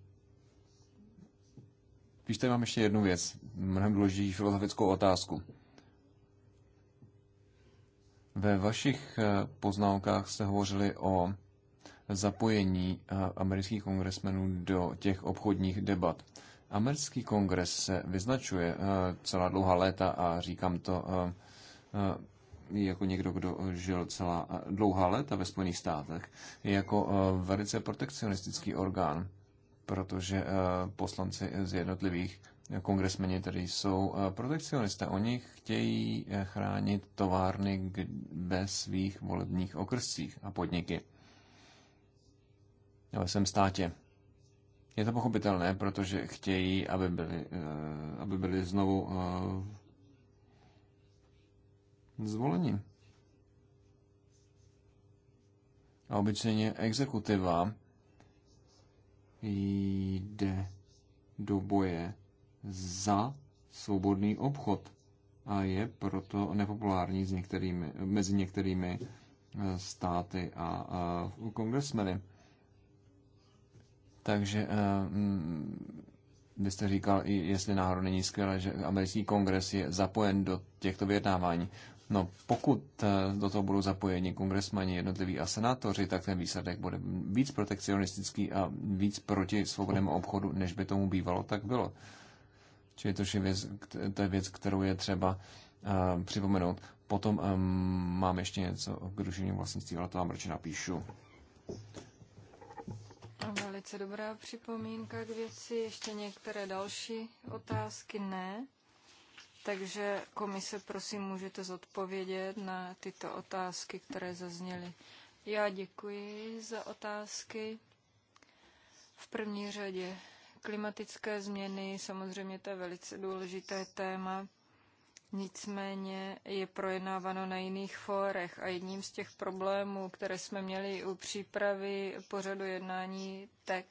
když tady mám ještě jednu věc, mnohem důležitější filozofickou otázku. Ve vašich eh, poznámkách jste hovořili o zapojení eh, amerických kongresmenů do těch obchodních debat. Americký kongres se vyznačuje eh, celá dlouhá léta a říkám to jako někdo, kdo žil celá dlouhá léta ve Spojených státech, jako velice protekcionistický orgán protože eh, poslanci z jednotlivých kongresmeni tady jsou eh, protekcionisté. Oni chtějí eh, chránit továrny ve svých volebních okrscích a podniky ve svém státě. Je to pochopitelné, protože chtějí, aby byli, aby byli znovu zvoleni. A obyčejně exekutiva jde do boje za svobodný obchod a je proto nepopulární s některými, mezi některými eh, státy a, a kongresmeny. Takže byste eh, mm, jste říkal, jestli náhodou není skvělé, že americký kongres je zapojen do těchto vyjednávání. No, pokud eh, do toho budou zapojeni kongresmani, jednotliví a senátoři, tak ten výsledek bude víc protekcionistický a víc proti svobodnému obchodu, než by tomu bývalo tak bylo. Čili to je věc, to je věc kterou je třeba uh, připomenout. Potom um, mám ještě něco k duševnímu vlastnictví, ale to vám radši napíšu. Velice dobrá připomínka k věci. Ještě některé další otázky ne. Takže komise, prosím, můžete zodpovědět na tyto otázky, které zazněly. Já děkuji za otázky. V první řadě klimatické změny, samozřejmě to je velice důležité téma, nicméně je projednáváno na jiných fórech a jedním z těch problémů, které jsme měli u přípravy pořadu jednání, tak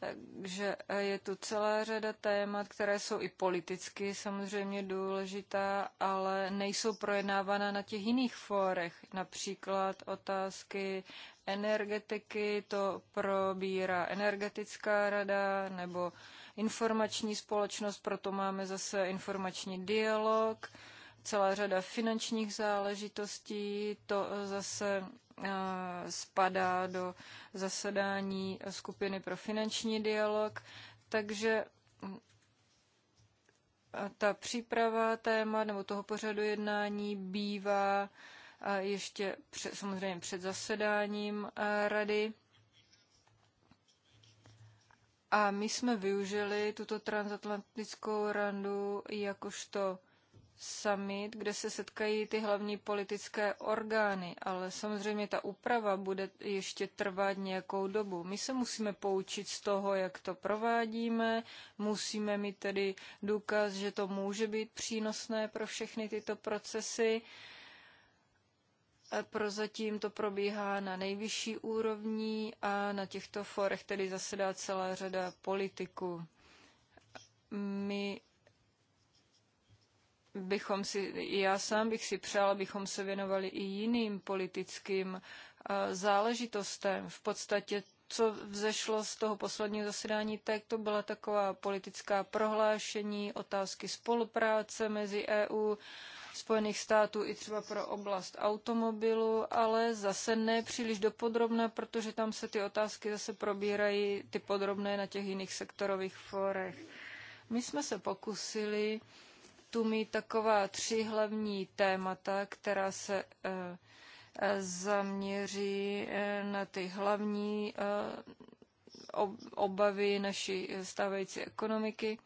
takže je tu celá řada témat, které jsou i politicky samozřejmě důležitá, ale nejsou projednávána na těch jiných fórech. Například otázky energetiky, to probírá energetická rada nebo informační společnost, proto máme zase informační dialog, celá řada finančních záležitostí, to zase spadá do zasedání skupiny pro finanční dialog, takže mm, ta příprava téma nebo toho pořadu jednání bývá ještě před, samozřejmě před zasedáním rady. A my jsme využili tuto transatlantickou randu jakožto summit, kde se setkají ty hlavní politické orgány, ale samozřejmě ta úprava bude ještě trvat nějakou dobu. My se musíme poučit z toho, jak to provádíme, musíme mít tedy důkaz, že to může být přínosné pro všechny tyto procesy. Prozatím to probíhá na nejvyšší úrovni a na těchto forech tedy zasedá celá řada politiků. My bychom si, já sám bych si přál, abychom se věnovali i jiným politickým eh, záležitostem. V podstatě co vzešlo z toho posledního zasedání, tak to byla taková politická prohlášení, otázky spolupráce mezi EU, Spojených států i třeba pro oblast automobilu, ale zase ne příliš dopodrobné, protože tam se ty otázky zase probírají ty podrobné na těch jiných sektorových fórech. My jsme se pokusili uh, tu mít taková tři hlavní témata, která se eh, eh, zaměří eh, na ty hlavní obavy naší stávající ekonomiky.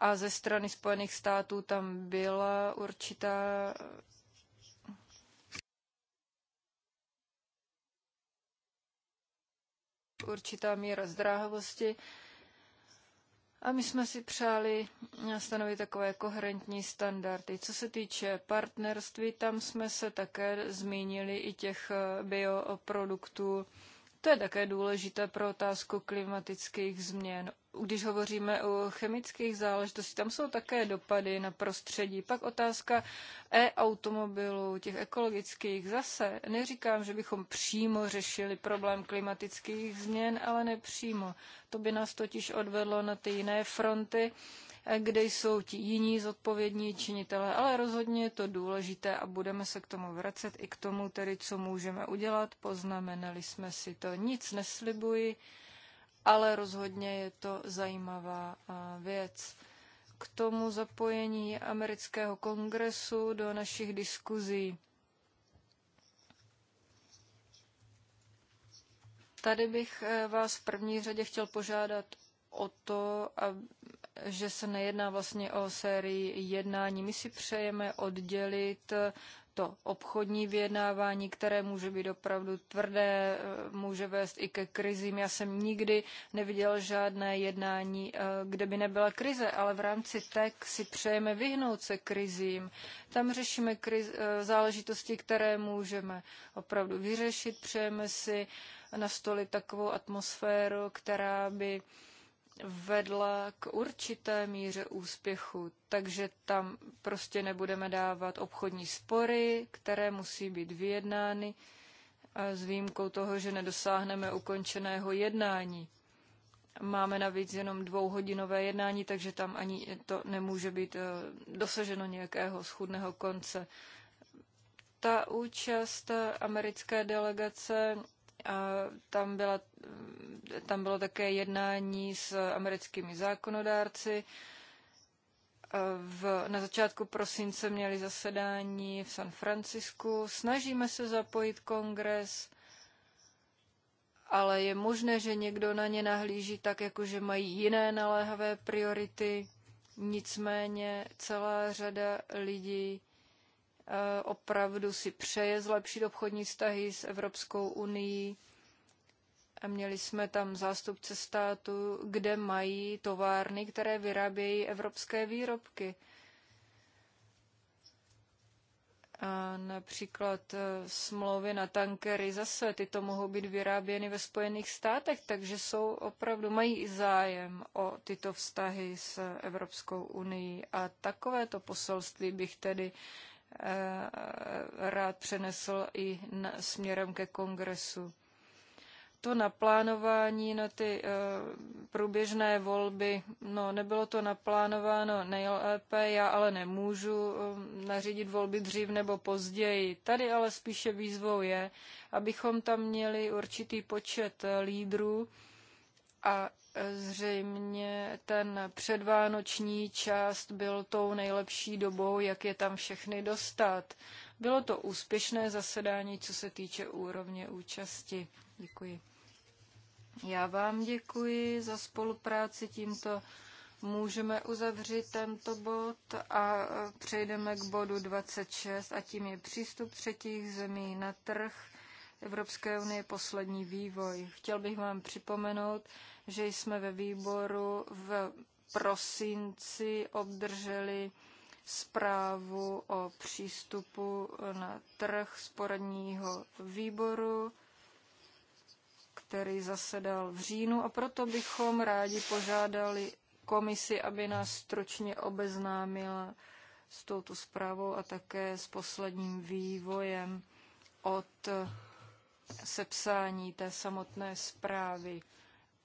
A ze strany Spojených států tam byla určitá určitá míra zdráhavosti. A my jsme si přáli stanovit takové koherentní standardy. Co se týče partnerství, tam jsme se také zmínili i těch eh, bioproduktů. To je také důležité pro otázku klimatických změn když hovoříme o chemických záležitostech, tam jsou také dopady na prostředí. Pak otázka e-automobilů, těch ekologických zase. Neříkám, že bychom přímo řešili problém klimatických změn, ale nepřímo. To by nás totiž odvedlo na ty jiné fronty, kde jsou ti jiní zodpovědní činitelé, ale rozhodně je to důležité a budeme se k tomu vracet i k tomu tedy, co můžeme udělat. Poznamenali jsme si to. Nic neslibuji ale rozhodně je to zajímavá věc. K tomu zapojení amerického kongresu do našich diskuzí. Tady bych e, vás v první řadě chtěl požádat o to, že se nejedná vlastně o sérii jednání. My si přejeme oddělit to obchodní vyjednávání, které může být opravdu tvrdé, eh, může vést i ke krizím. Já jsem nikdy neviděl žádné jednání, eh, kde by nebyla krize, ale v rámci TEC si přejeme vyhnout se krizím. Tam řešíme kriz, eh, záležitosti, které můžeme opravdu vyřešit. Přejeme si nastolit takovou atmosféru, která by vedla k určité míře úspěchu, takže tam prostě nebudeme dávat obchodní spory, které musí být vyjednány s výjimkou toho, že nedosáhneme ukončeného jednání. Máme navíc jenom dvouhodinové jednání, takže tam ani to nemůže být e, dosaženo nějakého schůdného konce. Ta účast americké delegace tam, byla, tam bylo také jednání s americkými zákonodárci. V, na začátku prosince měli zasedání v San Francisku. Snažíme se zapojit kongres, ale je možné, že někdo na ně nahlíží tak, jako že mají jiné naléhavé priority. Nicméně celá řada lidí Eh, opravdu si přeje zlepšit obchodní vztahy s Evropskou unii. A měli jsme tam zástupce státu, kde mají továrny, které vyrábějí evropské výrobky. A například eh, smlouvy na tankery zase, tyto mohou být vyráběny ve Spojených státech, takže jsou opravdu, mají i zájem o tyto vztahy s Evropskou unii. A takovéto poselství bych tedy Eh, rád přenesl i směrem ke kongresu. To naplánování na ty eh, průběžné volby, no nebylo to naplánováno nejlépe, já ale nemůžu eh, nařídit volby dřív nebo později. Tady ale spíše výzvou je, abychom tam měli určitý počet lídrů, a e, zřejmě ten předvánoční část byl tou nejlepší dobou, jak je tam všechny dostat. Bylo to úspěšné zasedání, co se týče úrovně účasti. Děkuji. Já vám děkuji za spolupráci tímto. Můžeme uzavřít tento bod a e, přejdeme k bodu 26 a tím je přístup třetích zemí na trh Evropské unie poslední vývoj. Chtěl bych vám připomenout, že jsme ve výboru v prosinci obdrželi zprávu o přístupu na trh z poradního výboru, který zasedal v říjnu a proto bychom rádi požádali komisi, aby nás stročně obeznámila s touto zprávou a také s posledním vývojem od sepsání té samotné zprávy.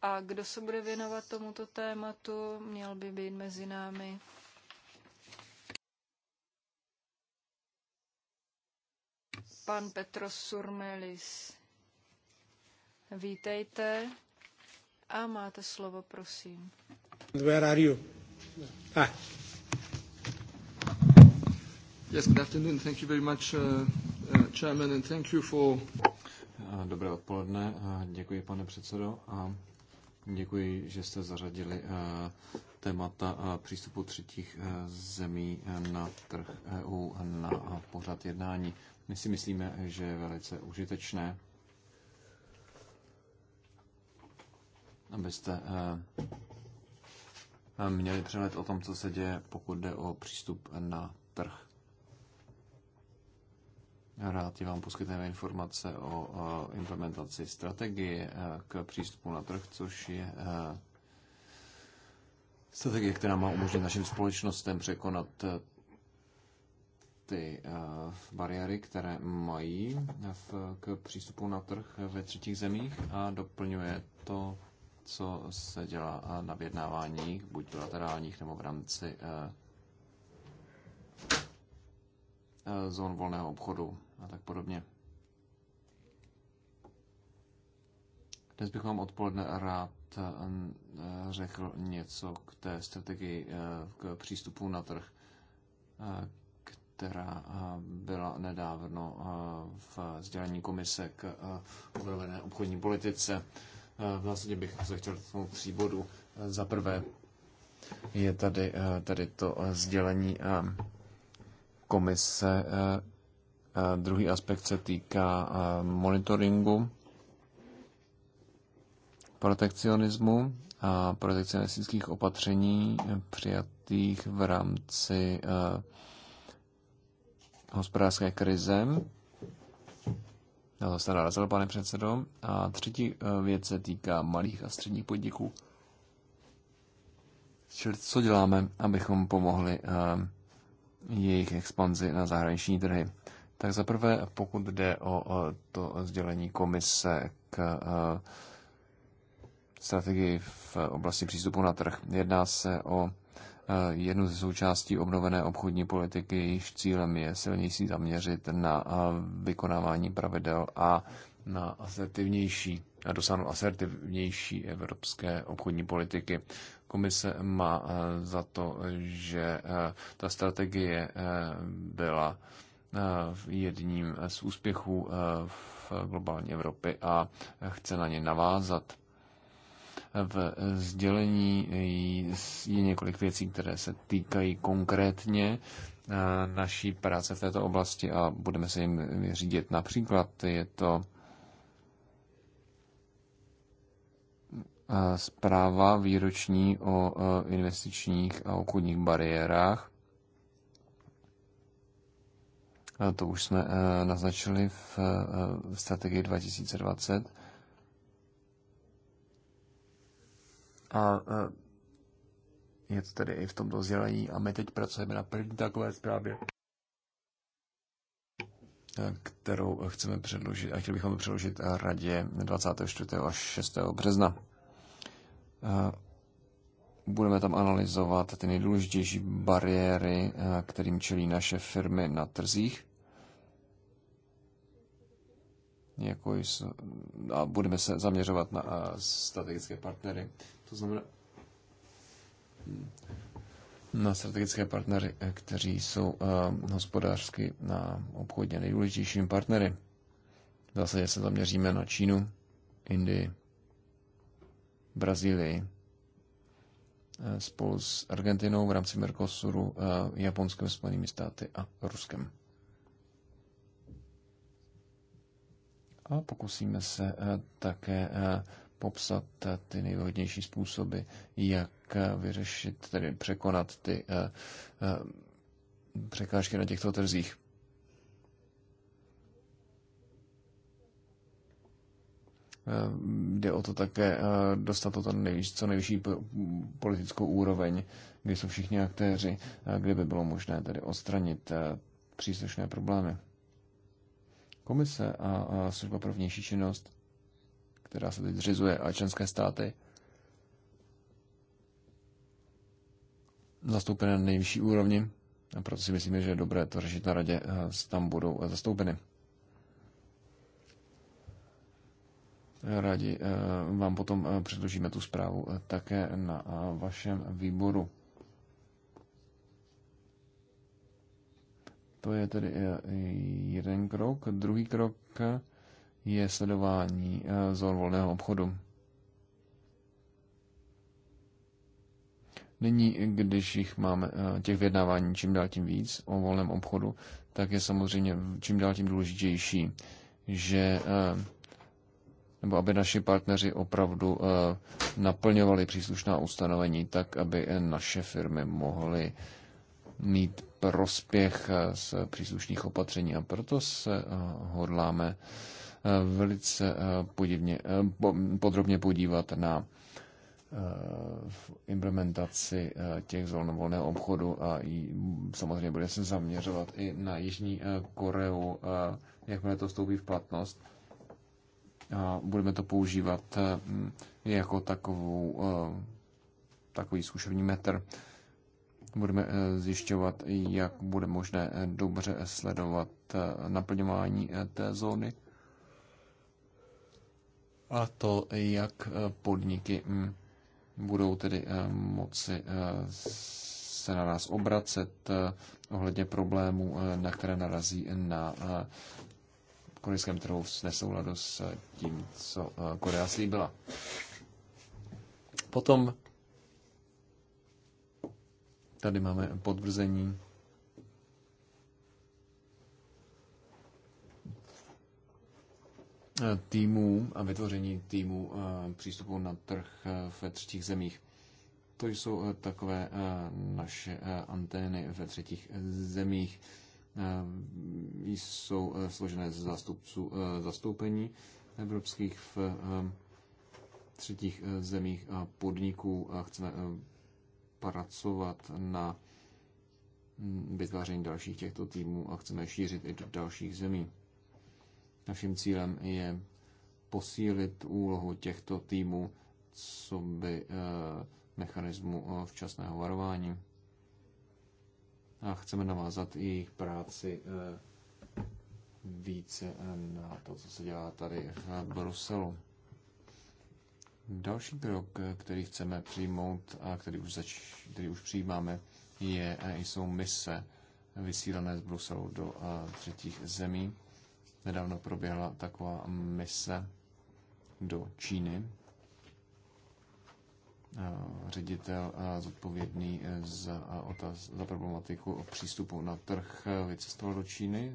A kdo se bude věnovat tomuto tématu, měl by být mezi námi. Pan Petros Surmelis. Vítejte a máte slovo, prosím. Where are you? Ah. Yes, good afternoon. Thank you very much, uh, uh, Chairman, and thank you for Dobré odpoledne, děkuji pane předsedo a děkuji, že jste zařadili e, témata e, přístupu třetích e, zemí na trh EU na pořad jednání. My si myslíme, že je velice užitečné, abyste měli přehled o tom, co se děje, pokud jde o přístup na trh Rád vám poskytneme informace o implementaci strategie eh, k přístupu na trh, což je eh, strategie, která má umožnit našim společnostem překonat eh, ty bariéry, které mají k přístupu na trh ve třetích zemích a doplňuje to, co se dělá na vyjednávání, buď bilaterálních nebo v rámci Eh, zón volného obchodu a tak podobně. Dnes bych vám odpoledne rád eh, řekl něco k té strategii eh, k přístupu na trh, která byla nedávno v sdělení komise k obnovené obchodní politice. V zásadě vlastně bych se chtěl tomu tří bodu. Za prvé je tady, tady to sdělení komise. Eh, eh, druhý aspekt se týká eh, monitoringu protekcionismu a protekcionistických opatření přijatých v rámci hospodářské krize. Na to se narazil, pane předsedo. A třetí věc se týká malých a středních podniků. Čili co děláme, abychom pomohli jejich expanzi na zahraniční trhy. Tak zaprvé, pokud jde o to sdělení komise k e, strategii v oblasti přístupu na trh, jedná se o e, jednu ze součástí obnovené obchodní politiky, jejíž cílem je silnější zaměřit na e, vykonávání pravidel a na asertivnější a dosáhnout asertivnější evropské obchodní politiky. Komise má eh, za to, že eh, ta strategie eh, byla jedním z úspěchů v globální Evropě a chce na ně navázat. V sdělení je několik věcí, které se týkají konkrétně naší práce v této oblasti a budeme se jim řídit. Například je to zpráva výroční o e, investičních a obchodních bariérách. E, to už jsme e, naznačili v strategii 2020. A je to tedy i v tomto sdělení a my teď pracujeme na první takové zprávě, kterou chceme předložit a chtěli bychom předložit radě 24. až 6. března. Budeme tam analyzovat ty nejdůležitější bariéry, kterým čelí naše firmy na trzích. Jako jsou, a budeme se zaměřovat na strategické partnery. To znamená hm, na strategické partnery, e, kteří jsou hospodářsky na obchodně nejdůležitějšími partnery. V zásadě se zaměříme na Čínu, Indii, Brazílii eh, spolu s Argentinou v rámci Mercosuru, eh, Japonskem, Spojenými státy a Ruskem. A pokusíme se eh, také popsat ty nejvhodnější způsoby, jak vyřešit, tedy překonat ty překážky na těchto trzích. Eh, jde o to také eh, dostat to nejvíc, co nejvyšší politickou úroveň, kdy jsou všichni aktéři, eh, kde by bylo možné tedy odstranit příslušné problémy. Komise a služba pro vnější činnost, která se teď zřizuje, a členské státy, zastoupené na nejvyšší úrovni, a proto si myslíme, že je dobré to řešit na radě, tam budou zastoupeny. Rádi eh, vám potom eh, předložíme tu zprávu eh, také na vašem výboru. To je tedy jeden krok. Druhý krok je sledování zón volného obchodu. Nyní, když jich máme těch vyjednávání čím dál tím víc o volném obchodu, tak je samozřejmě čím dál tím důležitější, že nebo aby naši partneři opravdu eh, naplňovali příslušná ustanovení tak, aby naše firmy mohly mít prospěch eh, z příslušných opatření. A proto se eh, hodláme velice podivně, podrobně podívat na v implementaci těch zón volného obchodu a jí, samozřejmě bude se zaměřovat i na Jižní Koreu, jakmile to vstoupí v platnost a budeme to používat eh, jako takovou, eh, takový zkušební metr. Budeme eh, zjišťovat, jak bude možné dobře sledovat naplňování té zóny a to, jak podniky mm, budou tedy moci se na nás obracet ohledně problémů, na které narazí na korejském trhu nesouladu s eh, tím, co eh, Korea slíbila. Potom tady máme podvrzení eh, týmů a vytvoření týmů přístupu na trh ve třetích zemích. To jsou takové naše antény ve třetích zemích. Ehm, jsou eh, složené z zástupců eh, zastoupení evropských v ehm, třetích eh, zemích a podniků a chceme ehm, pracovat na mm, vytváření dalších těchto týmů a chceme šířit i do dalších zemí. Naším cílem je posílit úlohu těchto týmů co by mechanismu včasného varování a chceme navázat i jejich práci eh, více eh, na to, co se dělá tady v Bruselu. Další krok, eh, který chceme přijmout a který už, zač, který už přijímáme, je, jsou mise vysílané z Bruselu do třetích zemí. Nedávno proběhla taková mise do Číny, ředitel zodpovědný e, za, otaz, za problematiku o přístupu na trh e, vycestoval do Číny.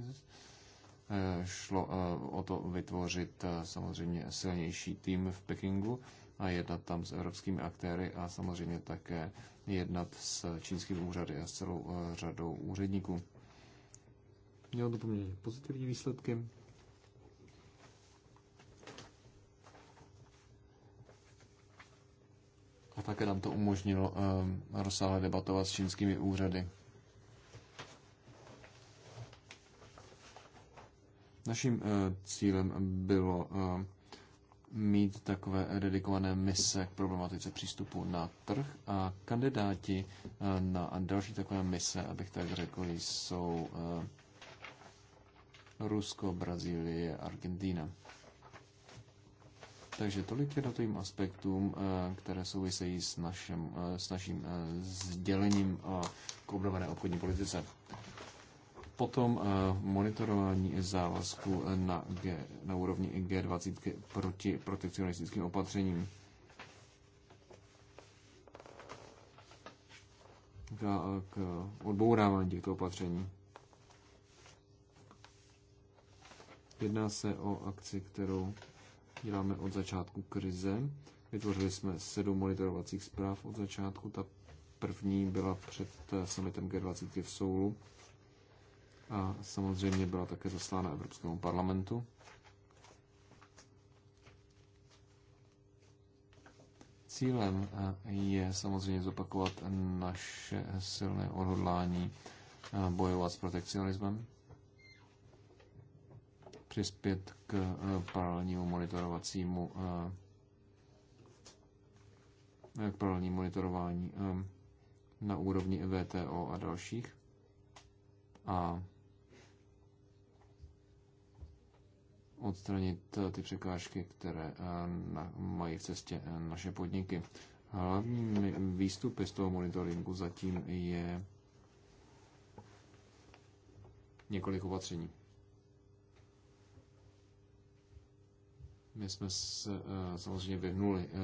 E, šlo o to vytvořit samozřejmě silnější tým v Pekingu a jednat tam s evropskými aktéry a samozřejmě také jednat s čínskými úřady a s celou řadou úředníků. Mělo to poměrně pozitivní výsledky. a také nám to umožnilo ehm, rozsáhle debatovat s čínskými úřady. Naším eh, cílem bylo ehm, mít takové dedikované mise k problematice přístupu na trh a kandidáti eh, na další takové mise, abych tak řekl, jsou ehm, Rusko, Brazílie, Argentina. Takže tolik je datovým aspektům, eh, které souvisejí s, našem, eh, s naším eh, sdělením k obnovené obchodní politice. Potom monitorování závazku na, G, na úrovni G20 proti protekcionistickým opatřením. K, k odbourávání těchto opatření. Jedná se o akci, kterou děláme od začátku krize. Vytvořili jsme sedm monitorovacích zpráv od začátku. Ta první byla před eh, summitem G20 v Soulu a samozřejmě byla také zaslána Evropskému parlamentu. Cílem eh, je samozřejmě zopakovat naše silné odhodlání eh, bojovat s protekcionismem přispět k eh, paralelnímu monitorovacímu eh, eh, k paralelní monitorování na úrovni e VTO a dalších. A odstranit ty překážky, které mají v cestě naše podniky. Hlavní výstupy z toho monitoringu zatím je několik opatření. My jsme se eh, samozřejmě vyhnuli, eh,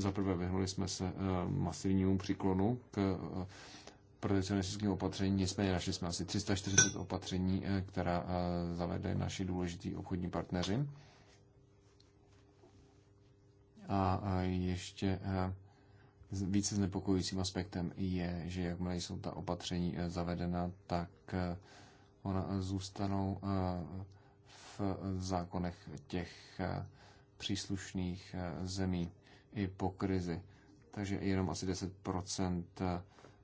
zaprvé vyhnuli jsme se eh, masivnímu příklonu k protekcionistickým opatření, nicméně našli jsme asi 340 opatření, která zavede naši důležití obchodní partneři. A ještě více znepokojujícím aspektem je, že jakmile jsou ta opatření zavedena, tak ona zůstanou v zákonech těch příslušných eh, zemí i po krizi. Takže jenom asi 10% eh,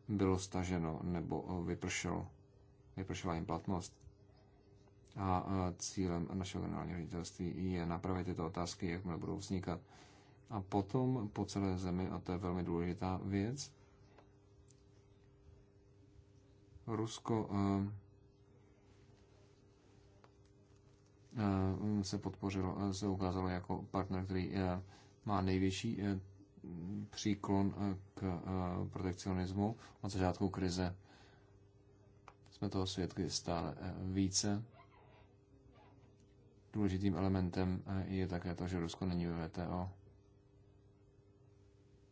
bylo staženo nebo eh, vypršelo, vypršela jim platnost. A cílem našeho generálního ředitelství je napravit tyto otázky, jakmile budou vznikat. A potom po celé zemi, a to je velmi důležitá věc, Rusko Eh, se podpořilo, eh, se ukázalo jako partner, který eh, má největší příklon k protekcionismu od začátku krize. Jsme toho svědky stále více. Důležitým elementem je také to, že Rusko není ve VTO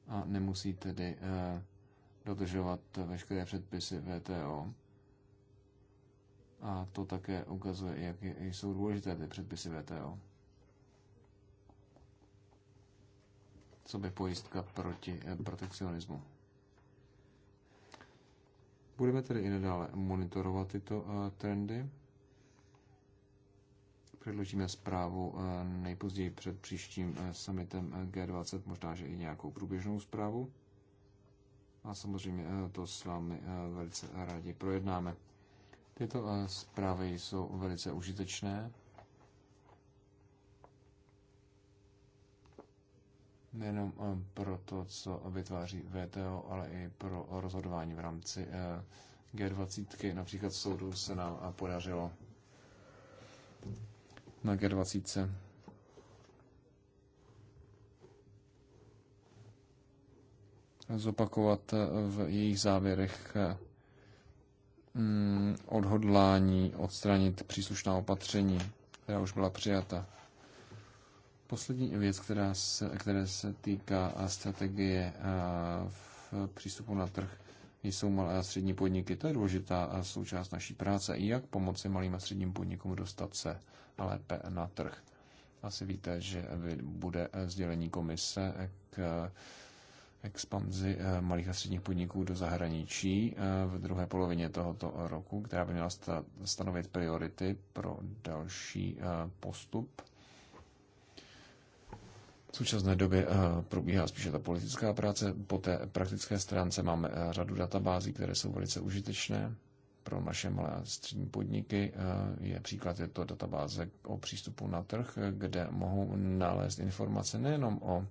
a nemusí tedy dodržovat veškeré předpisy VTO a to také ukazuje, jak jsou důležité ty předpisy VTO. Co by pojistka proti eh, protekcionismu? Budeme tedy i nadále monitorovat tyto eh, trendy. Předložíme zprávu eh, nejpozději před příštím summitem G20, možná, že i nějakou průběžnou zprávu. A samozřejmě to s vámi velice rádi projednáme. Tyto eh, zprávy jsou velice užitečné. Nejenom eh, pro to, co vytváří VTO, ale i pro rozhodování v rámci eh, G20. Například soudu se nám podařilo na G20. Zopakovat v jejich závěrech Mm, odhodlání odstranit příslušná opatření, která už byla přijata. Poslední věc, která se, které se týká strategie v přístupu na trh, jsou malé a střední podniky. To je důležitá součást naší práce. I jak pomoci malým a středním podnikům dostat se lépe na trh. Asi víte, že bude e, sdělení komise k expanzi eh, malých a středních podniků do zahraničí eh, v druhé polovině tohoto roku, která by měla stanovit priority pro další eh, postup. V současné době probíhá spíše ta politická práce. Po té praktické stránce máme řadu databází, které jsou velice užitečné pro naše malé a střední podniky. Je příklad, je to databáze o přístupu na trh, kde mohou nalézt informace nejenom o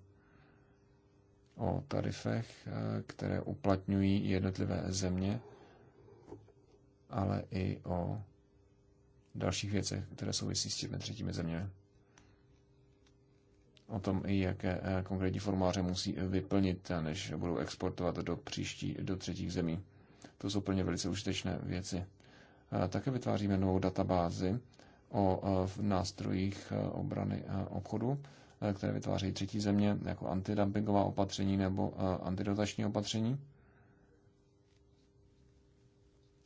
o tarifech, eh, které uplatňují jednotlivé země, ale i o dalších věcech, které souvisí s těmi třetími zeměmi. O tom, i jaké eh, konkrétní formuláře musí vyplnit, než budou exportovat do, příští, do třetích zemí. To jsou plně velice užitečné věci. Také vytváříme novou databázi o eh, nástrojích obrany a obchodu Eh, které vytvářejí třetí země, jako antidumpingová opatření nebo eh, antidotační opatření.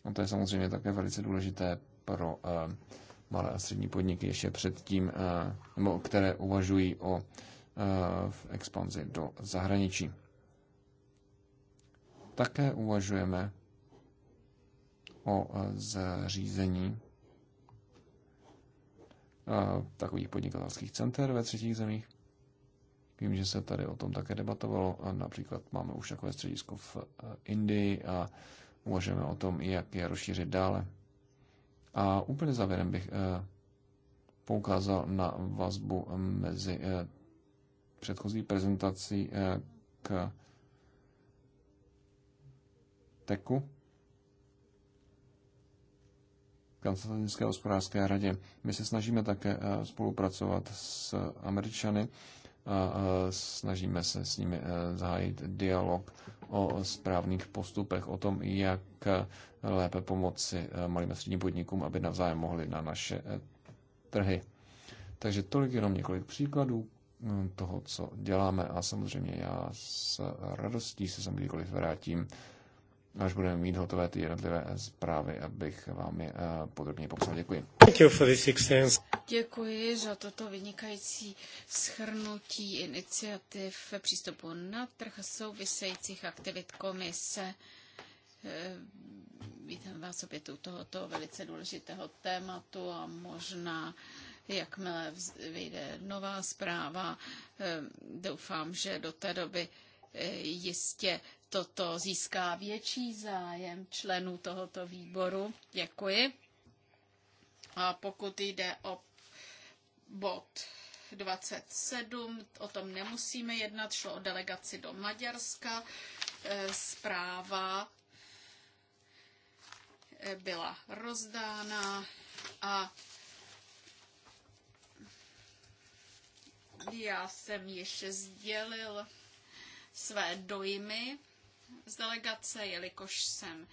A no, to je samozřejmě také velice důležité pro eh, malé a střední podniky ještě předtím, nebo které uvažují o v expanzi do zahraničí. Také uvažujeme o zřízení takových podnikatelských center ve třetích zemích. Vím, že se tady o tom také debatovalo. například máme už takové středisko v eh, Indii a uvažujeme o tom, jak je rozšířit dále. A úplně závěrem bych eh, poukázal na vazbu mezi eh, předchozí prezentací k teku Kancelářské hospodářské radě. My se snažíme také eh, spolupracovat s Američany a snažíme se s nimi eh, zahájit dialog o správných postupech, o tom, jak eh, lépe pomoci malým a středním podnikům, aby navzájem mohli na naše trhy. Takže tolik jenom několik příkladů mm, toho, co děláme a samozřejmě já s radostí se sem kdykoliv vrátím až budeme mít hotové ty jednotlivé zprávy, abych vám je eh, podrobně popsal. Děkuji. Děkuji za toto vynikající schrnutí iniciativ přístupu na trh souvisejících aktivit komise. Eh, vítám vás opět u tohoto velice důležitého tématu a možná jakmile vyjde nová zpráva, eh, doufám, že do té doby jistě toto získá větší zájem členů tohoto výboru. Děkuji. A pokud jde o bod 27, o tom nemusíme jednat, šlo o delegaci do Maďarska. E, zpráva e, byla rozdána a já jsem ještě sdělil své dojmy z delegace, jelikož jsem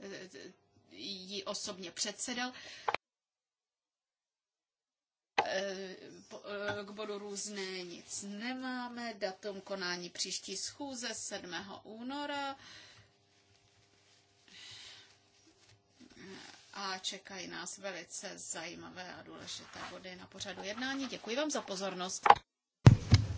eh, ji osobně předsedal. Eh, eh, k bodu různé nic nemáme. Datum konání příští schůze 7. února. A čekají nás velice zajímavé a důležité body na pořadu jednání. Děkuji vám za pozornost.